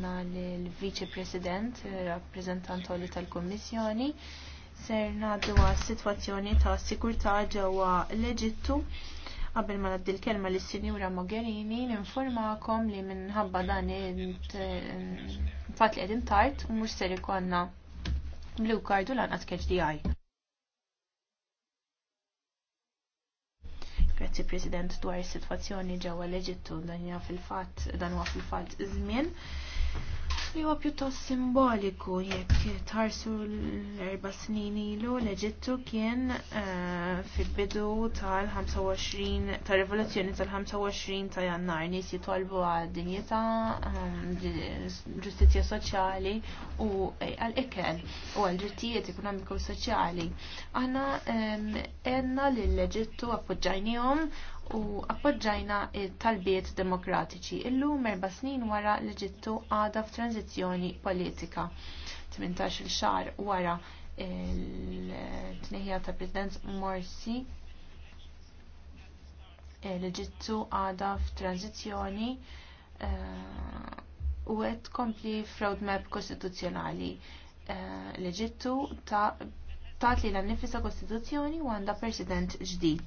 għanna l-Vice President, rappresentant tal-Kommissjoni, ser naddu għas situazzjoni ta' sikurtà ġewwa l-Eġittu. Qabel ma naddi l-kelma lis sinjura Mogherini, ninformakom li minħabba dan il-fat li għedin tard u mhux ser ikonna blue card u lanqas KHDI. Grazzi President dwar is-sitwazzjoni ġewwa l-Eġittu dan fil-fatt dan huwa fil-fatt żmien li huwa pjuttost simboliku jekk tħarsu l-erba' snin ilu l-Eġittu kien eh, fil-bidu tal-25 tal-rivoluzzjoni tal-25 ta' jannar nies jitolbu għal dinjità ehm, ġustizzja soċjali u eh, għal ikel u għal drittijiet ekonomiku u soċjali. Aħna ehm, għenna l-Eġittu appoġġajnihom u appoġġajna il-talbiet demokratiċi. Illum erba snin wara l-Eġittu għadha f'tranzizzjoni politika. 18 xahar wara il-tneħija ta' President Morsi l-Eġittu għadha f'tranzizzjoni eh, u għed kompli f'roadmap kostituzzjonali. Eh, l ġittu ta' tat li l-nifisa kostituzzjoni u għanda president ġdid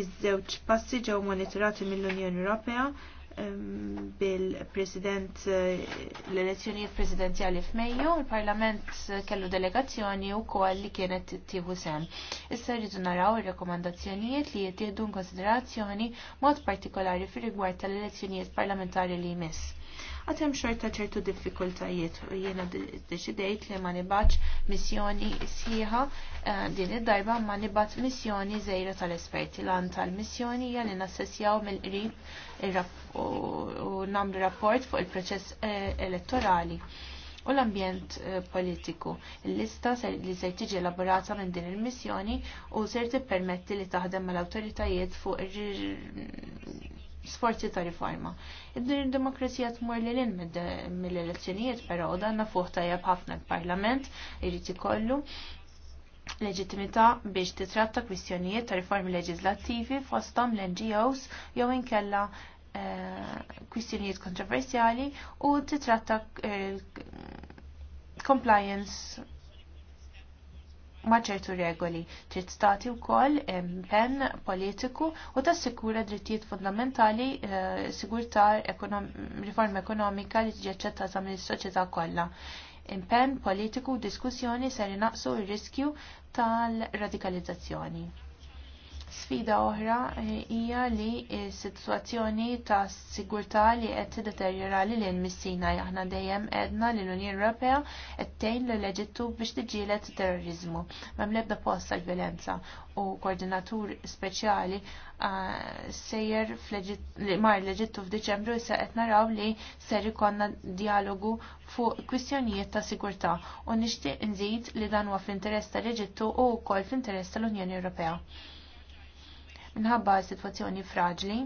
Iż-żewġ passi ġew monitorati mill-Unjoni Ewropea bil-president eh, l-elezzjonijiet presidenzjali f'Mejju, il-Parlament eh, kellu delegazzjoni u koll li kienet tieħu sem. Issa rridu naraw ir-rekomandazzjonijiet li jittieħdu konsiderazzjoni mod partikolari fir rigward tal-elezzjonijiet parlamentari li jmiss għatem xorta ċertu diffikultajiet u jena deċidejt li ma nibaċ missjoni sħiħa eh, din id-darba ma nibat missjoni zejra tal-esperti lan tal-missjoni hija li nassessjaw mill-qrib u namlu rapport fuq il-proċess eh, elettorali u l-ambjent eh, politiku. l lista li ser tiġi elaborata minn din il-missjoni u ser tippermetti li taħdem mal-awtoritajiet fuq sforzi ta' riforma. Id-demokrazija din tmur li l-in mill-elezzjonijiet, pero u danna fuq tajab ħafna l-parlament irrid ikollu leġittimità biex titratta kwistjonijiet ta' riformi leġislattivi fostom l-NGOs jew inkella eh, kwistjonijiet kontroversjali u titratta eh, compliance ma' ċertu regoli. Trid stati wkoll pen politiku u tassikura drittijiet fundamentali eh, sigurtà riforma ekonomika li tiġi aċċettata mill-soċjetà kollha. Impenn politiku u diskussjoni ser inaqsu r-riskju tal-radikalizzazzjoni. Sfida oħra eh, hija li s-sitwazzjoni ta' sigurtà li qed tiddeterjora lil missina aħna dejjem edna li l-Unjoni Ewropea qed tgħin lill-Eġittu biex tiġġieled terrorizmu m'hemm l-ebda post tal-violenza u koordinatur speċjali eh, sejjer li mar l-Eġittu f'Diċembru issa qed naraw li ser ikonna dialogu fuq kwistjonijiet ta' sigurtà u nixtieq nżid li dan huwa fl-interess tal-Eġittu u wkoll fl-interess tal-Unjoni Ewropea. Nħabba situazzjoni fraġli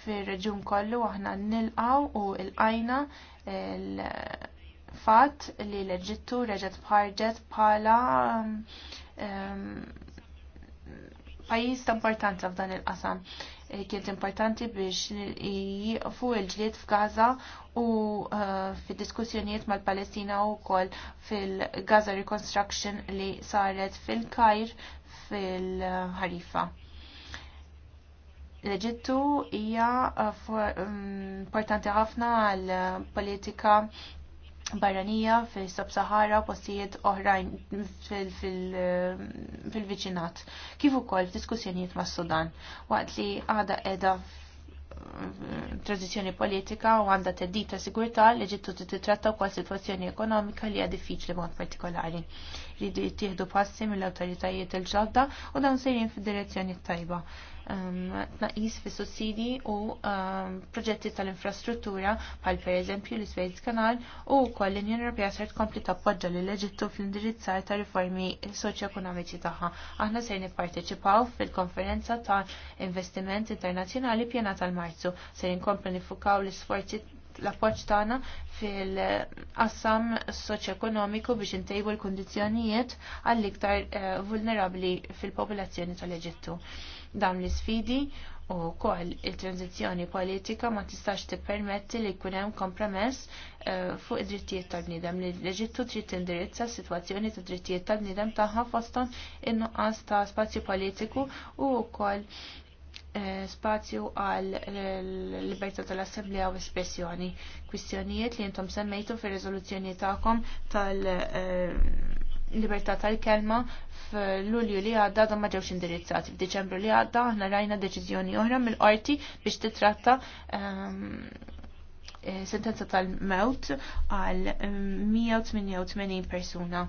fir-reġjun kollu aħna nilqaw u l-qajna l-fatt li l-Eġittu reġgħet bħarġet bħala ehm, pajjiż ta' importanza f'dan il-qasam. Eh, kienet importanti biex jieqfu il-ġlied f'Gaza u eh, fid-diskussjonijiet mal-Palestina u kol fil-Gaza Reconstruction li saret fil-Kajr fil-ħarifa. L-Eġittu hija eh, mm, importanti ħafna għal politika barranija fil sahara postijiet oħrajn fil-viċinat. Kif ukoll f'diskussjonijiet mas sudan waqt li għada edha tranzizjoni politika u għanda ta' sigurta li ġittu titratta wkoll situazzjoni ekonomika li hija diffiċli mod partikolari. Ridu jittieħdu passi mill-awtoritajiet il-ġodda u dawn sejrin fid-direzzjoni tajba. Um, naqis fi sussidi u um, proġetti tal-infrastruttura pal per eżempju l Suez Kanal u koll l-Unjoni Ewropea ser tkompli tappoġġa l Eġittu fl-indirizzar ta' riformi ekonomiċi tagħha. Aħna ser nipparteċipaw fil-konferenza ta' investiment internazzjonali pjena tal-Marzu. Ser inkomplu nifukaw l-isforzi l-appoġġ tagħna fil-qassam ekonomiku biex intejbu l-kundizzjonijiet għall-iktar eh, vulnerabbli fil-popolazzjoni tal-Eġittu. Dam l-isfidi u kol il-tranzizjoni politika ma tistax tippermetti li jkun hemm kompromess eh, fuq id-drittijiet tal-bniedem li l-Eġittu trid tindirizza s-sitwazzjoni ta' drittijiet tal-bniedem tagħha fosthom in-nuqqas ta' spazju politiku u kol Eh, spazju għal libertà tal-assemblea u espressjoni. Kwistjonijiet li jentom semmejtu fir riżoluzzjoni tagħkom tal-libertà eh, tal-kelma f'Lulju li għadda da ma ġewx indirizzati. F'Diċembru li għadda aħna rajna deċiżjoni oħra mill-qorti biex titratta ehm, sentenza tal-mewt għal 188 ehm, persuna.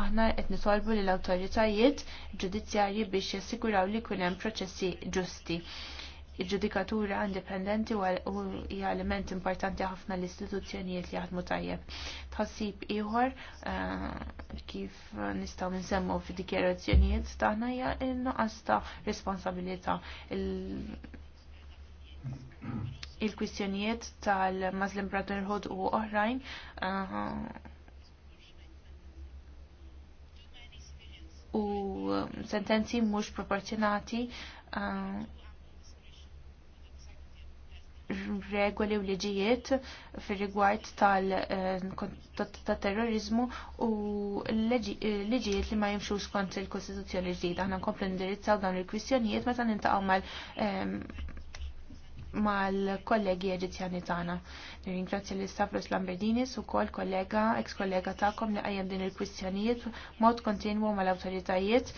Aħna qed nitolbu lill awtoritajiet ġudizzjarji biex jassiguraw li jkun hemm proċessi ġusti. Il-ġudikatura indipendenti u hija element importanti ħafna l-istituzzjonijiet li jaħdmu tajjeb. Tħassib ieħor eh, kif nistgħu nsemmu fid-dikjerazzjonijiet tagħna hija n-nuqqas ta' responsabilità il-kwistjonijiet tal-Muslim Brotherhood u oħrajn uh, u sentenzi mhux proporzjonati uh, regoli u liġijiet fir rigward tal-terrorizmu uh, u liġijiet li ma jimxu skont il-Kostituzzjoni ġdida. Aħna nkomplu indirizzaw dawn il-kwistjonijiet meta nintaqgħu mal um, mal-kollegi eġizjani tagħna. Nirringrazzja l Stavros Lamberdinis u kol kollega, ex-kollega tagħkom li qajjem din il-kwistjonijiet mod kontinwu mal-awtoritajiet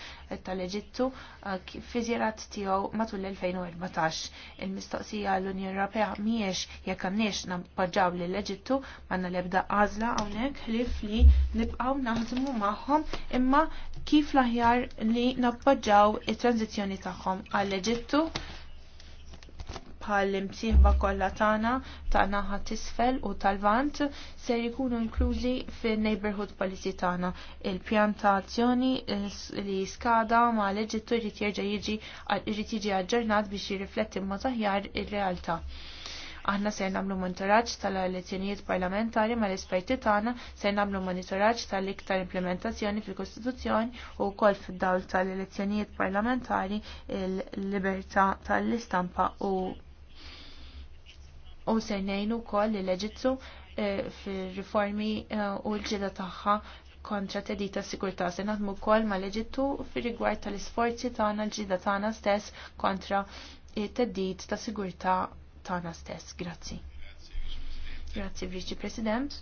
tal-Eġittu eh, fi tiegħu matul l-2014. Il-mistoqsija l-Unjoni Ewropea mhijiex jekk għamniex nappoġġaw lil eġittu għandna l-ebda għażla hawnhekk ħlif li nibqgħu naħdmu magħhom imma kif l-aħjar li nappoġġaw it-tranzizzjoni tagħhom għall-Eġittu bħal imsieħba kollha tagħna ta' naħa tisfel u tal-vant ser jkunu inklużi fin-neighborhood policy tagħna. Il-pjan ta' azzjoni li skada ma' leġittu eġittu jrid jerġa' jiġi jrid jiġi aġġornat biex jirrifletti mod aħjar ir-realtà aħna se nagħmlu monitoraġġ tal-elezzjonijiet parlamentari mal esperti tagħna se nagħmlu monitoraġġ tal-iktar implementazzjoni fil-Kostituzzjoni u wkoll fid-dawl tal-elezzjonijiet parlamentari il-libertà tal-istampa u u ser nejnu kol li leġitzu eh, fil-riformi eh, u l-ġida taħħa kontra tedita sigurta se naħdmu kol ma leġittu fil-rigward tal-isforzi tagħna l-ġida tagħna stess kontra t tedit ta' sigurta tagħna stess. Grazzi. Grazzi, Viċi President.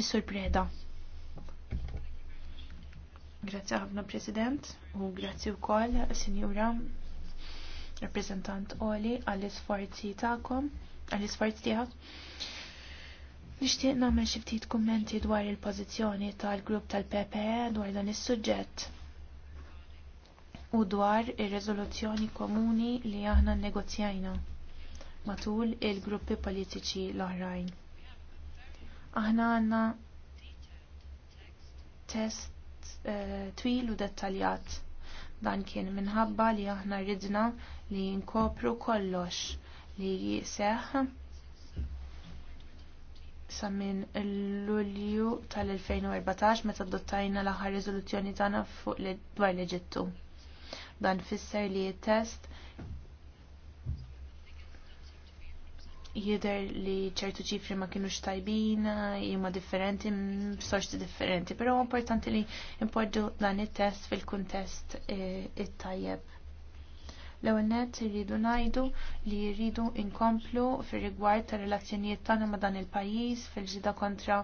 Is-Sur Preda. Grazzi ħafna President u u wkoll Sinjura rappresentant Oli għall-isforzi ta'kom, għall-isforzi tiegħek. Nixtieq nagħmel xi ftit kummenti dwar il-pożizzjoni tal-grupp tal-PPE dwar dan is-suġġett u dwar ir-riżoluzzjoni komuni li aħna nnegozjajna matul il-gruppi politiċi l-oħrajn aħna għandna test eh, twil u dettaljat. Dan kien minħabba li aħna ridna li jinkopru kollox li jiseħ sa minn l-Lulju tal-2014 meta dottajna l-aħħar riżoluzzjoni tagħna fuq li dwar l-Eġittu. Dan fisser li test jider li ċertu ċifri ma kienux tajbin, huma differenti, sorti differenti, pero importanti li impoġġu dan it-test fil-kuntest eh, it-tajjeb L-ewwel nett irridu ngħidu li jridu nkomplu fir-rigward tar-relazzjonijiet tagħna ma' dan il-pajjiż fil-ġida kontra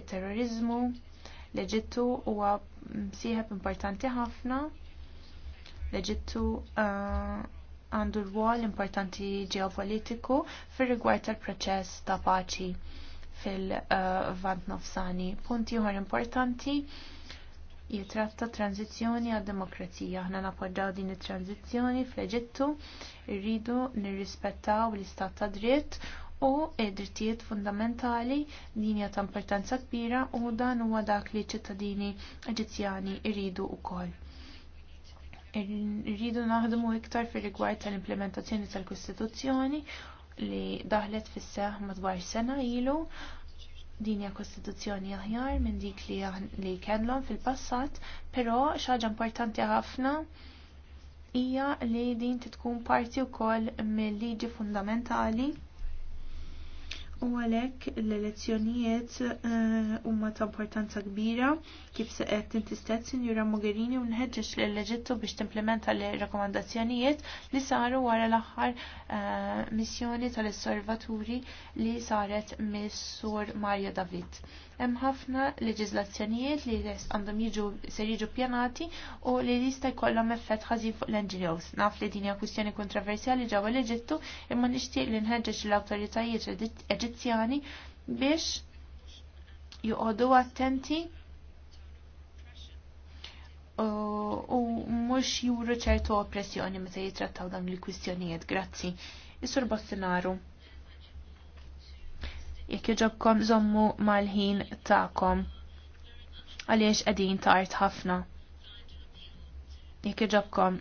it-terrorizmu. L-Eġittu huwa msieħeb importanti ħafna. L-Eġittu eh, għandu uh, rwol importanti ġeopolitiku fir-rigward tal-proċess ta' paċi fil-vant eh, uh, nofsani. Punti oħra importanti jitratta tranzizjoni għad demokrazija. Aħna nappoġġaw din it-tranzizjoni fl-Eġittu, rridu nirrispettaw l-istat ta' dritt u id-drittijiet fundamentali din hija ta' importanza kbira u dan huwa dak li ċittadini Eġizzjani rridu wkoll. Irridu naħdmu iktar fir-rigward tal-implementazzjoni tal-Kostituzzjoni li daħlet fis-seħ madwar sena ilu din hija kostituzzjoni aħjar minn dik li, li kellhom fil-passat, però ħaġa importanti ħafna hija li din titkun parti wkoll mill-liġi fundamentali U għalhekk l-elezzjonijiet eh, huma ta' importanza kbira kif se qed tintistet Sinjura Mogherini u nħeġġeġ l-Eġittu biex timplementa l-rakkomandazzjonijiet li saru wara l-aħħar eh, missjoni tal-osservaturi li saret mis-sur Mario David. Hemm ħafna leġiżlazzjonijiet li għandhom jiġu ser jiġu pjanati u li jista' jkollhom effett ħażin fuq l-NGOs. Naf li din hija kwistjoni kontroversjali ġewwa l-Eġittu imma nixtieq li nħeġġeġ l-awtoritajiet Eġizzjani biex juqogħdu attenti u mhux juru ċertu oppressjoni meta jitrattaw dawn il-kwistjonijiet. Grazzi. Is-sur Bossinaru jekk jġobkom zommu mal-ħin ta'kom għaliex qegħdin tard ħafna. Jekk iġobkom.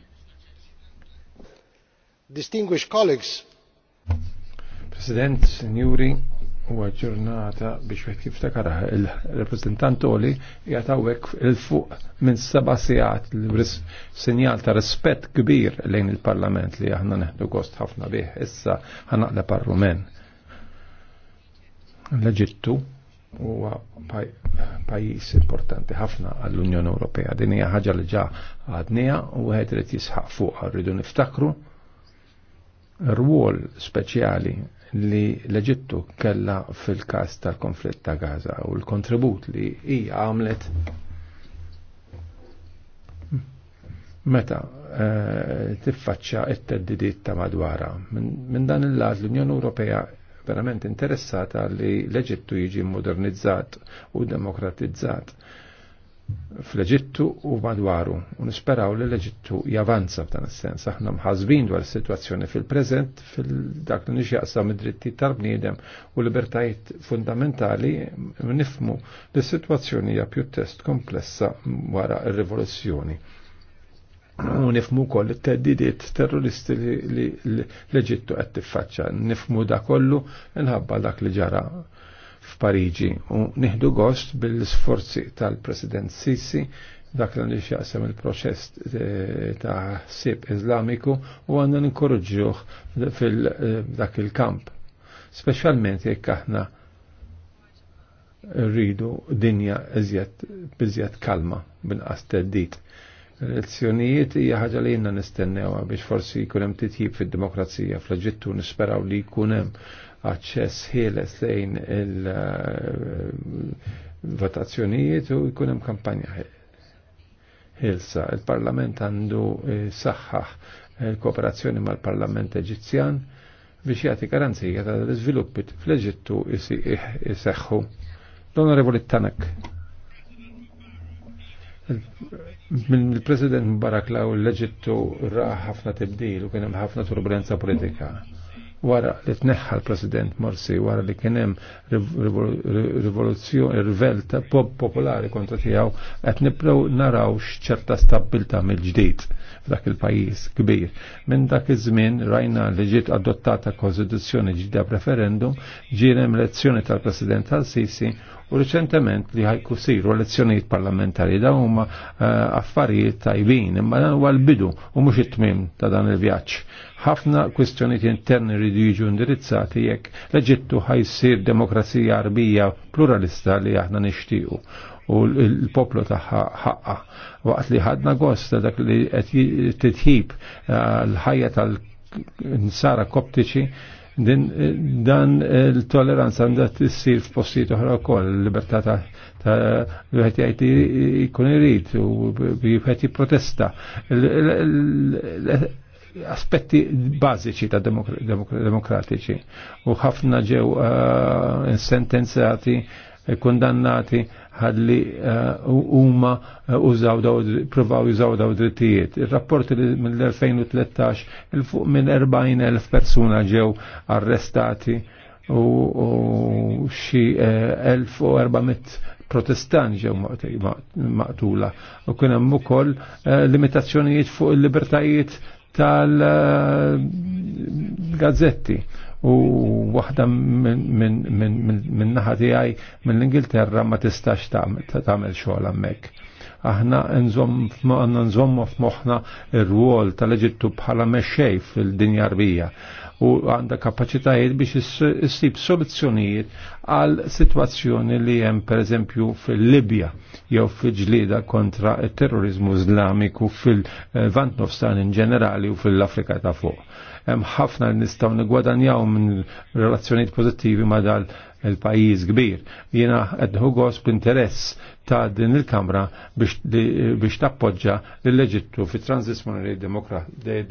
Distinguished colleagues. President, signori, huwa ġurnata biex wieħed kif il-reprezentant oli jagħtawek il-fuq minn seba' sigħat sinjal ta' rispett kbir lejn il-Parlament li aħna neħdu gost ħafna bih. Issa ħanaqla Parlament. L-Eġittu huwa pajjiż importanti ħafna għall-Unjoni Ewropea. Din hija ħaġa li ġa għadnija u wieħed irid jisħaq fuq rridu niftakru rwol speċjali li l-Eġittu kella fil-każ tal-konflitt ta' Gaza u l-kontribut li hija għamlet meta eh, tiffaċċa t-teddidiet ta' madwara. Minn dan il laż l-Unjoni Ewropea verament interessata li l-Eġittu jiġi modernizzat u demokratizzat fl-Eġittu u madwaru. U nisperaw li l-Eġittu javanza f'dan is-sens. Aħna mħazbin dwar is-sitwazzjoni fil-preżent fil-dak li nixjaqsam id-dritti tal-bniedem u libertajiet fundamentali nifmu li s-sitwazzjoni hija pjuttost komplessa wara r-rivoluzzjoni u nifmu koll it-teddidiet terroristi li l-Eġittu qed tiffaċċa. Nifmu da kollu nħabba dak li ġara f'Pariġi u nieħdu gost bil-sforzi tal-President Sisi dak li xjaqsem il-proċess eh, ta' sib iżlamiku u għandna ninkorġuh fil-dak eh, il-kamp. Speċjalment jekk aħna rridu dinja iżjed kalma bin teddit l Elezzjonijiet hija ħaġa li jinna nistennewha biex forsi jkun hemm titjib fid-demokrazija fl-Eġittu nisperaw li jkun hemm aċċess ħieles lejn il-votazzjonijiet u jkun hemm kampanja ħilsa. Il-Parlament għandu eh, saħħaħ il-kooperazzjoni eh, mal-Parlament Eġizzjan biex jagħti garanzija ta' l-iżviluppi fl-Eġittu jseħħu. L-Onorevoli Tanak. Min il-President Mubarak law l-Eġittu ra ħafna tibdil u kien hemm ħafna turbulenza politika. Wara li tneħħa l-President Morsi, wara li kien hemm rivoluzzjoni, rivelta pop popolari kontra tiegħu, qed nipprow naraw x'ċerta stabilta mill-ġdid f'dak il-pajjiż kbir. Minn dak iż-żmien rajna l ġiet adottata Kostituzzjoni ġdida referendum, ġie elezzjoni tal-President tal-Sisi u riċentement li ħajku siru elezzjonijiet parlamentari da huma eh, affarijiet tajbin imma dan huwa l-bidu u mhux it tmim ta' dan il-vjaġġ. Ħafna kwistjonijiet interni rridu jiġu indirizzati jekk l-Eġittu ħajsir demokrazija arbija pluralista li aħna nixtiequ u l-poplu taħħa ħaqqa. Waqt li ħadna gost dak li qed titħib eh, l-ħajja tal-nsara koptiċi Din eh, dan il-toleranza eh, għandha tissir f'postijiet oħra wkoll, il-libertà ta' l-wieħed jgħid ikun irid u wieħed jipprotesta aspetti bażiċi ta' demokratiċi u ħafna ġew insentenzati eh, kundannati ħalli eh, huma eh, użaw daw provaw jużaw daw drittijiet. Ir-rapport li mill-2013 il fuq minn 40,000 persuna ġew arrestati u xi 1400 eh, protestan ġew maqtula u kien hemm ukoll limitazzjonijiet fuq il-libertajiet tal-gazzetti u waħda minn naħa tiegħi mill-Ingilterra ma tistax tagħmel xogħol hemmhekk. Aħna nżommu f'moħħna r ruol tal-Eġittu bħala mexxej fil-dinja rbija u għandha kapaċitajiet biex issib soluzzjonijiet għal situazzjoni li hemm pereżempju fil-Libja jew fil-ġlida kontra il-terrorizmu islamiku fil-Vant Nofstan in ġenerali u fil-Afrika ta' fuq. Hemm ħafna li nistgħu nigwadanjaw minn relazzjonijiet pożittivi ma' dal il-pajjiż kbir. Jiena qed ħugos b'interess ta' din il-Kamra biex tappoġġa l-Eġittu fit transizjoni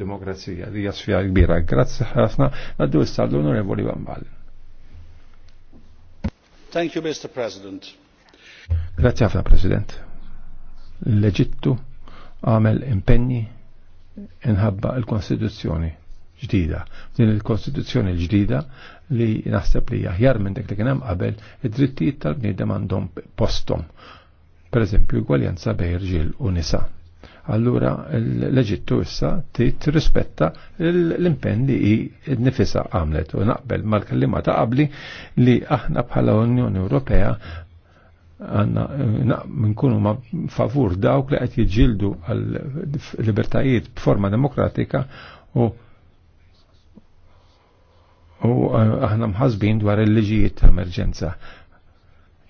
demokrazija li hija sfida kbira. Grazzi ħafna għaddu issa l-Onorevoli Bambal. Thank you, Mr. President. Grazie ħafna, President. L-Eġittu għamel impenni inħabba l-Konstituzzjoni ġdida. Din il-Konstituzzjoni l-ġdida li naħseb li jaħjar minn dak li kien hemm qabel id-drittijiet tal-bniedem għandhom postom. Per eżempju, gwaljanza bejn irġiel u nisa allura l-Eġittu issa trid rispetta l-impenn li i nifisa għamlet u naqbel mal-kellima ta' qabli li aħna bħala Unjoni Ewropea għanna minkunu ma favur dawk li qed jiġġieldu għal libertajiet b'forma demokratika u u eh, aħna mħasbin dwar il-liġijiet ta' emerġenza.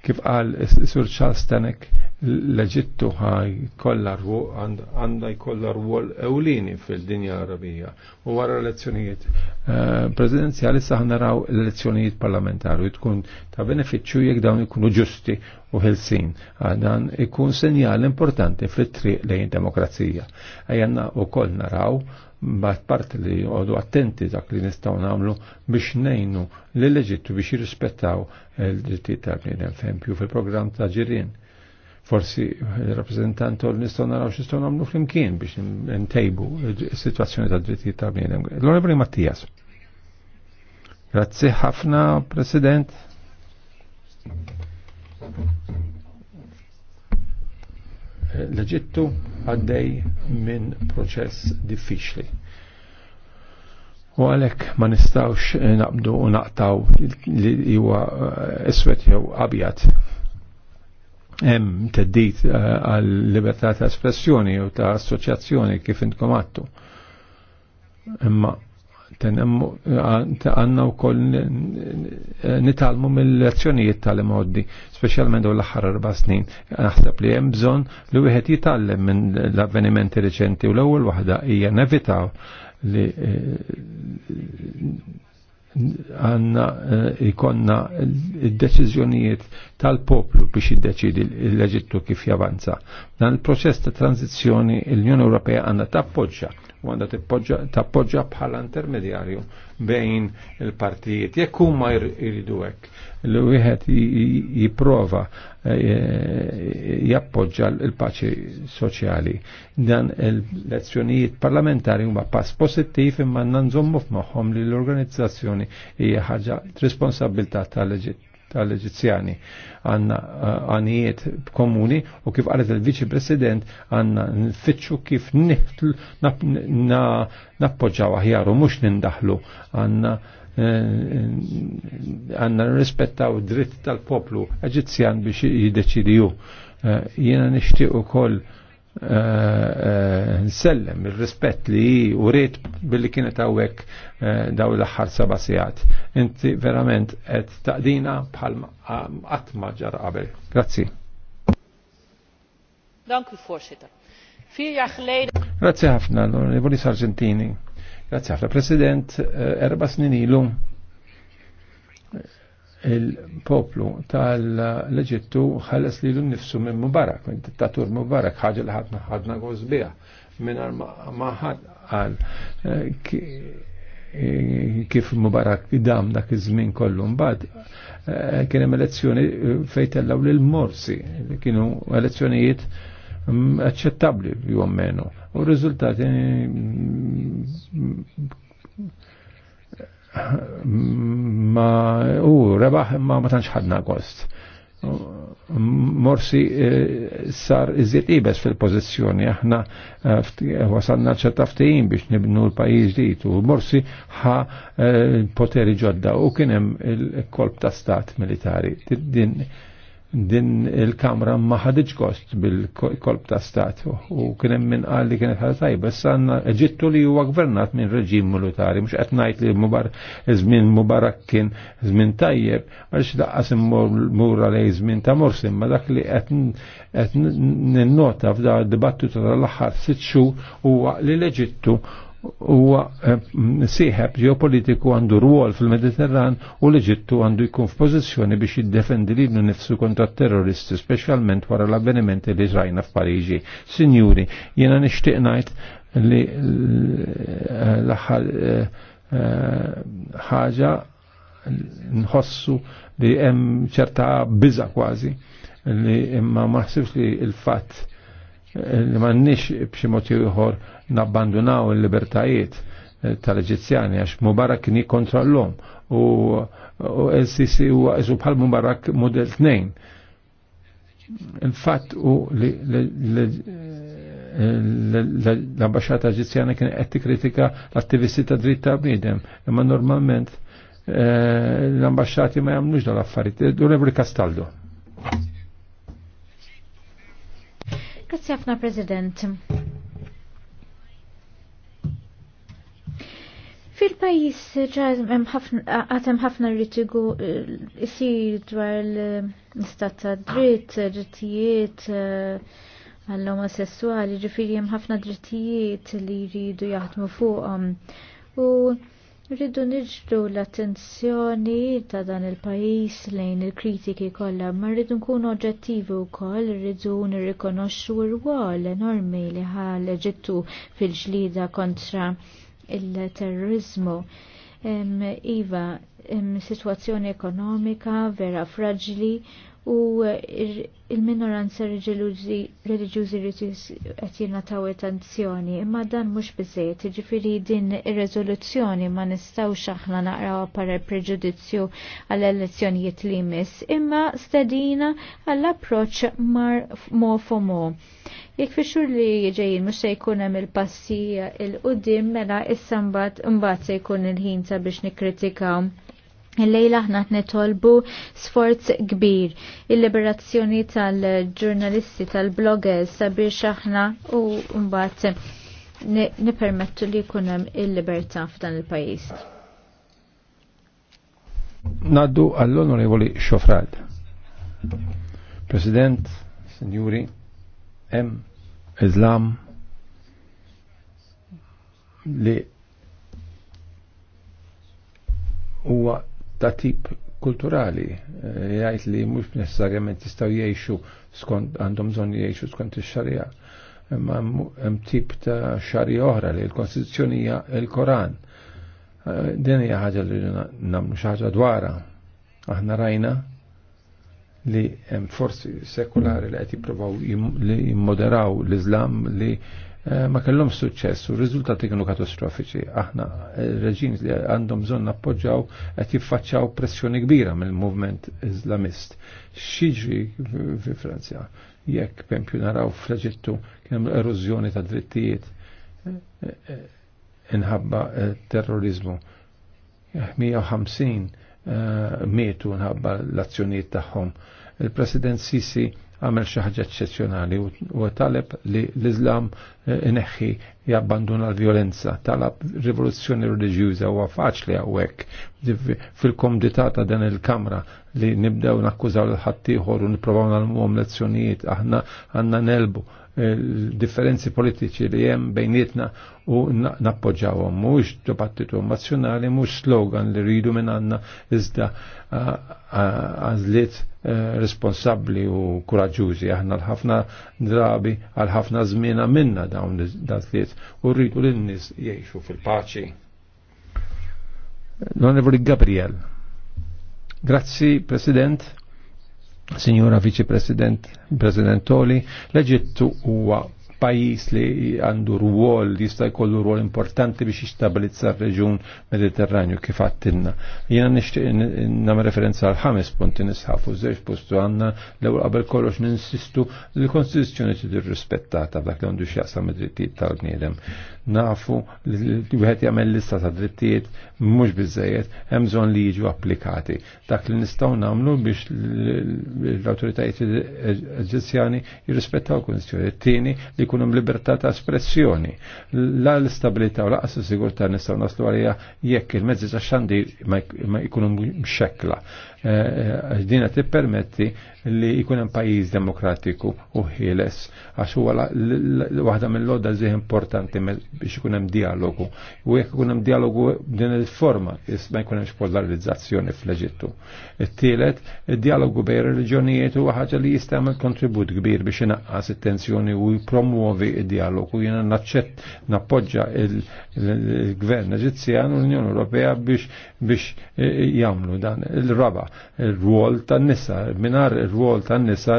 Kif qal Sur Charles Tanek l-Eġittu ħaj kollha għandha jkollha rwol ewlieni fil-dinja Arabija. U wara elezzjonijiet eh, prezidenziali sa naraw l-elezzjonijiet parlamentari tkun ta' benefiċċju jekk dawn ikunu ġusti u ħelsin. Ah, dan ikun sinjal importanti fit-triq lejn demokrazija. Ejjanna u koll naraw bat part li għodu attenti dak li nistaw namlu biex nejnu li leġittu biex jirrispettaw il-drittijiet ta' bniedem fempju fil program ta' ġirien. Forsi il-rappresentanti għol nistaw naraw xistaw namlu flimkien biex ntejbu il-situazzjoni ta' drittijiet ta' bniedem l onibri Mattias. Grazzi ħafna, President l-Eġittu għaddej minn proċess diffiċli. U għalek ma nistawx eh, naqbdu u naqtaw li huwa eswet eh, jew abjad. Hemm teddit eh, għal libertà ta' espressjoni u ta' assoċjazzjoni kif intkom għattu. Imma għanna u koll nitalmu mill lezzjonijiet tal-imoddi, specialment u l axar erba snin. Naħseb li hemm bżonn li wieħed jitallem minn l-avvenimenti reċenti u l-ewwel waħda hija nevitaw li eh, għanna eh, ikonna id-deċizjonijiet tal-poplu biex id-deċidi l-Eġittu kif javanza. Dan il-proċess ta' tranzizjoni l-Unjoni Ewropea għanna tappoġġa u għanna tappoġġa bħala intermedjarju bejn il-partijiet jekk huma jridu hekk li wieħed jipprova eh, jappoġġa l-paċi soċjali. Dan l-elezzjonijiet parlamentari huma pass pozittiv imma nanżommu f'moħħom li l-organizzazzjoni hija ħaġa responsabilità tal-leġittimità tal għanna eh, għanijiet komuni u kif għalet il-Viċi President għanna nfittxu kif nappoġġaw aħjaru mux nindaħlu għanna għanna rispettaw dritt tal-poplu Eġizzjan biex jiddeċidiju. Eh, jiena nixtieq ukoll eh, eh, nsellem il-rispett li u rrit billi kienet għawek daw l-axħar sabasijat. Inti verament et taqdina bħal għatma ġar qabel. Grazzi. Danku, u, voorzitter. Vier jaar ħafna, l-Onorevoli Sargentini. Grazie ħafna President, eh, erba snin ilu il-poplu tal-Eġittu ħalles li l-nifsu minn Mubarak, minn dittatur Mubarak, ħagġa li ħadna ħadna għozbija minn maħad għal eh, eh, kif Mubarak idam dak iż-żmien kollu mbagħad kien hemm elezzjoni fejtellaw lil Morsi, kienu elezzjonijiet accettabli più o meno. U riżultati ma u rebaħ ma ma tantx ħadna gost. Morsi eh, sar iżjed ibes fil-pożizzjoni, aħna eh, wasalna ċerta ftehim biex nibnu l-pajjiż dit u Morsi ħa eh, poteri ġodda u kien hemm il-kolb ta' stat militari. Din din il-kamra ma ħadġ kost bil-kolb ta' stat u kien hemm min qal li kienet ħal tajba issa għandna Eġittu li huwa gvernat minn reġim militari mhux qed ngħid li mubar żmien Mubarak kien żmien tajjeb għaliex daqqas mura lej żmien ta' Morsi ma dak li qed ninnota f'da dibattu tal-aħħar sitt xhur huwa li l-Eġittu u eh, siħeb ġeopolitiku għandu ruol fil-Mediterran u l-Eġittu għandu jkun f'pożizzjoni biex jiddefendi lilu nifsu kontra terroristi, specialment wara l-avvenimenti li ġrajna f'Pariġi. Sinjuri, jena nixtieq ngħid li l-aħħar eh, ħaġa nħossu li hemm ċerta biża kważi li imma maħsibx li l-fatt li eh, m'għandniex b'xi mod uħor nabbandunaw il-libertajiet eh, tal-Eġizzjani għax Mubarak l-lum u LCC u huwa bħal Mubarak model 2 il u li l-ambasċata Eġizzjana kien qed tikkritika l-attivisti ta' dritt ta' imma normalment eh, l-ambasċati ma jagħmlux dal-affarijiet, u Rebri Castaldo. Grazie ħafna President. Fil-pajis għatem ħafna rritigu jisir eh, dwar l-istat ta' dritt, drittijiet eh, għall-oma sessuali, ġifiri jem ħafna drittijiet li jridu jaħdmu fuqom. U Rridu niġru l-attenzjoni ta' dan il-pajis lejn il-kritiki kollha, ma rridu nkunu oġġettivi wkoll, rridu nirrikonoxxu r-wol enormi li ħal Eġittu fil-ġlida kontra il-terrorizmu. Iva, situazzjoni ekonomika vera fragili, u il-minoranza religjużi qed jingħataw attenzjoni, imma dan mhux biżejjed, jiġifieri din ir-reżoluzzjoni ma nistgħux aħna naqrawha para preġudizzju għall elezzjonijiet li jmiss, imma stedina għall approċċ mar mo fomo. Jekk fixxur li ġejjin mhux se jkun hemm il-passija il-qudiem mela issa mbagħad mbagħad se jkun il-ħin sabiex nikkritikaw Il-lejla ħna netolbu sforz kbir, il-liberazzjoni tal-ġurnalisti, tal-bloggers, sabir aħna u mbagħad nipermettu li jkun hemm il-libertà f'dan il-pajjiż. Naddu għall-onorevoli Xofrad. President, Sinjuri, hemm Islam li huwa ta' tip kulturali eh, jgħid li mhux necessarjament jistgħu jgħixu skont għandhom bżonn jgħixu skont ix xarija Imma hemm tip ta' xarija oħra li l-Kostituzzjoni hija l-Koran. Eh, din hija ħaġa li nagħmlu xi ħaġa dwarha. Aħna rajna li hemm forsi sekulari li qed jippruvaw li jimmoderaw l-Iżlam li ma kellhom suċċess u r-riżultati kienu katastrofiċi. Aħna reġim li għandhom bżonn appoġġaw qed jiffaċċjaw pressjoni kbira mill-movement Islamist. Xiġri fi Franza jekk pempju naraw fl-Eġittu kien hemm erużjoni ta' drittijiet eh, eh, inħabba eh, terrorizmu. 150 mietu nħabba l-azzjonijiet tagħhom. Il-President Sisi għamel xi ħaġa eċċezzjonali u taleb li l-Iżlam eh, ineħħi jabbanduna l-violenza, talab rivoluzzjoni reliġjuża huwa faċli hawnhekk fil-komdità ta' dan il-Kamra li nibdew nakkużaw l-ħaddieħor u nipprovaw nagħmluhom lezzjonijiet aħna għandna nelbu differenzi politiċi li jem bejnietna u Mux Mhux dibattitu emozjonali, mhux slogan li rridu minn għanna iżda għazliet eh, responsabbli u kuraġuzi. Aħna l-ħafna drabi għal ħafna zmina minna dawn l u rridu l nies jgħixu fil-paċi. L-Onorevoli Gabriel. Grazzi, President. Signora Vice President, President Toli, leġittu huwa pajis li għandu ruol, jista' jkollu ruol importanti biex jistabilizza r-reġun mediterranju kif għattinna. Jena nishtiq nam referenza għal ħames punti nisħafu żewġ postu għanna l-ewwel qabel kollox ninsistu li l-Kostituzzjoni tidir rispettata dak li għandu x'jaqsam id-drittijiet tal-bniedem. Nafu li wieħed jagħmel lista ta' drittijiet mhux biżejjed hemm bżonn li jiġu applikati. Dak li nistgħu nagħmlu biex l-awtoritajiet Eġizzjani jirrispettaw l t Tieni li jkun hemm libertà ta' espressjoni. La l-istabilità u laqas sigurtà nistgħu naslu għalija jekk il-mezzi ta' xandi ma jkunu mxekla. Eh, eh, dina tippermetti li jkun hemm pajjiż demokratiku u ħieles għax huwa waħda mill-lodda żih importanti biex ikun hemm dialogu. U jekk ikun hemm dialogu din il-forma ma jkun hemmx polarizzazzjoni fl-Eġittu. It-tielet, id-dialogu bejn reliġjonijiet huwa ħaġa li jista' kontribut kbir biex inaqqas it-tensjoni u jpromuovi id-dialogu. Jiena naċċett nappoġġa il-Gvern Eġizzjan u l-Unjoni Ewropea biex biex eh, jagħmlu dan il-raba r-rwol tan-nisa. Minar r-rwol tan-nisa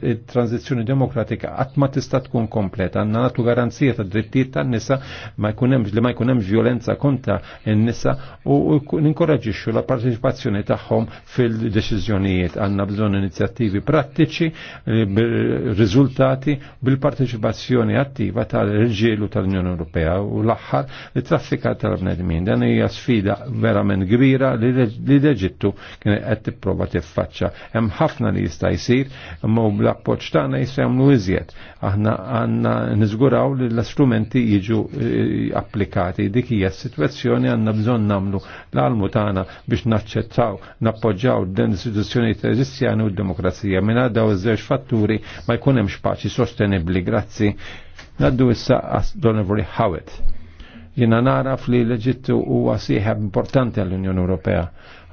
it-tranzizzjoni demokratika qatt ma tista' tkun kompleta. għanna nagħtu garanzija ta' drittijiet tan-nisa li ma jkun hemm violenza kontra n-nisa u ninkoraġixxu la partecipazzjoni tagħhom fil-deċiżjonijiet. għanna bżonn inizjattivi prattiċi eh, rizultati bil-parteċipazzjoni attiva tal ġelu tal-Unjoni Ewropea u l-aħħar li traffika tal-bnedmin. Dan hija sfida verament kbira li l-Eġittu kien qed tipprova tiffaċċa. Hemm ħafna li jista' jsir, imma bl-appoġġ tagħna jsemlu iżjed. Aħna għandna niżguraw li l-istrumenti jiġu eh, applikati. Dik hija s-sitwazzjoni għandna bżonn nagħmlu l-almu tagħna biex naċċettaw, nappoġġaw din l-istituzzjonijiet Kristjani u d-Demokrazija. Mingħajr daw iż-żewġ fatturi ma jkun hemmx paċi sostenibbli. Grazzi. Naddu issa għas Donavoli Howitt. Jina naraf li l-Eġittu huwa sieħeb importanti għall-Unjoni Ewropea.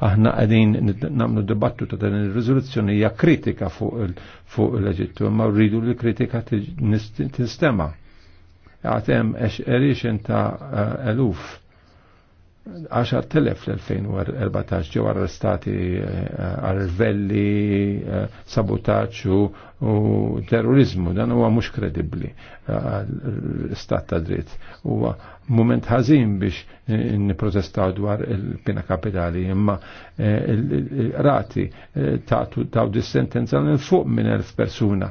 Aħna qegħdin nagħmlu dibattu ta' din ir-riżoluzzjoni hija kritika fuq l-Eġittu, imma rridu li kritika tistema. Għatem erixen ta' eluf 10.000 fl-2014 ġew arrestati eh, arvelli, eh, sabotaċu u terrorizmu, dan huwa mhux kredibbli eh, stat ta' dritt. Huwa moment ħażin biex nipprotestaw dwar il-pina kapitali, imma rati ta' dis-sentenza l fuq minn elf persuna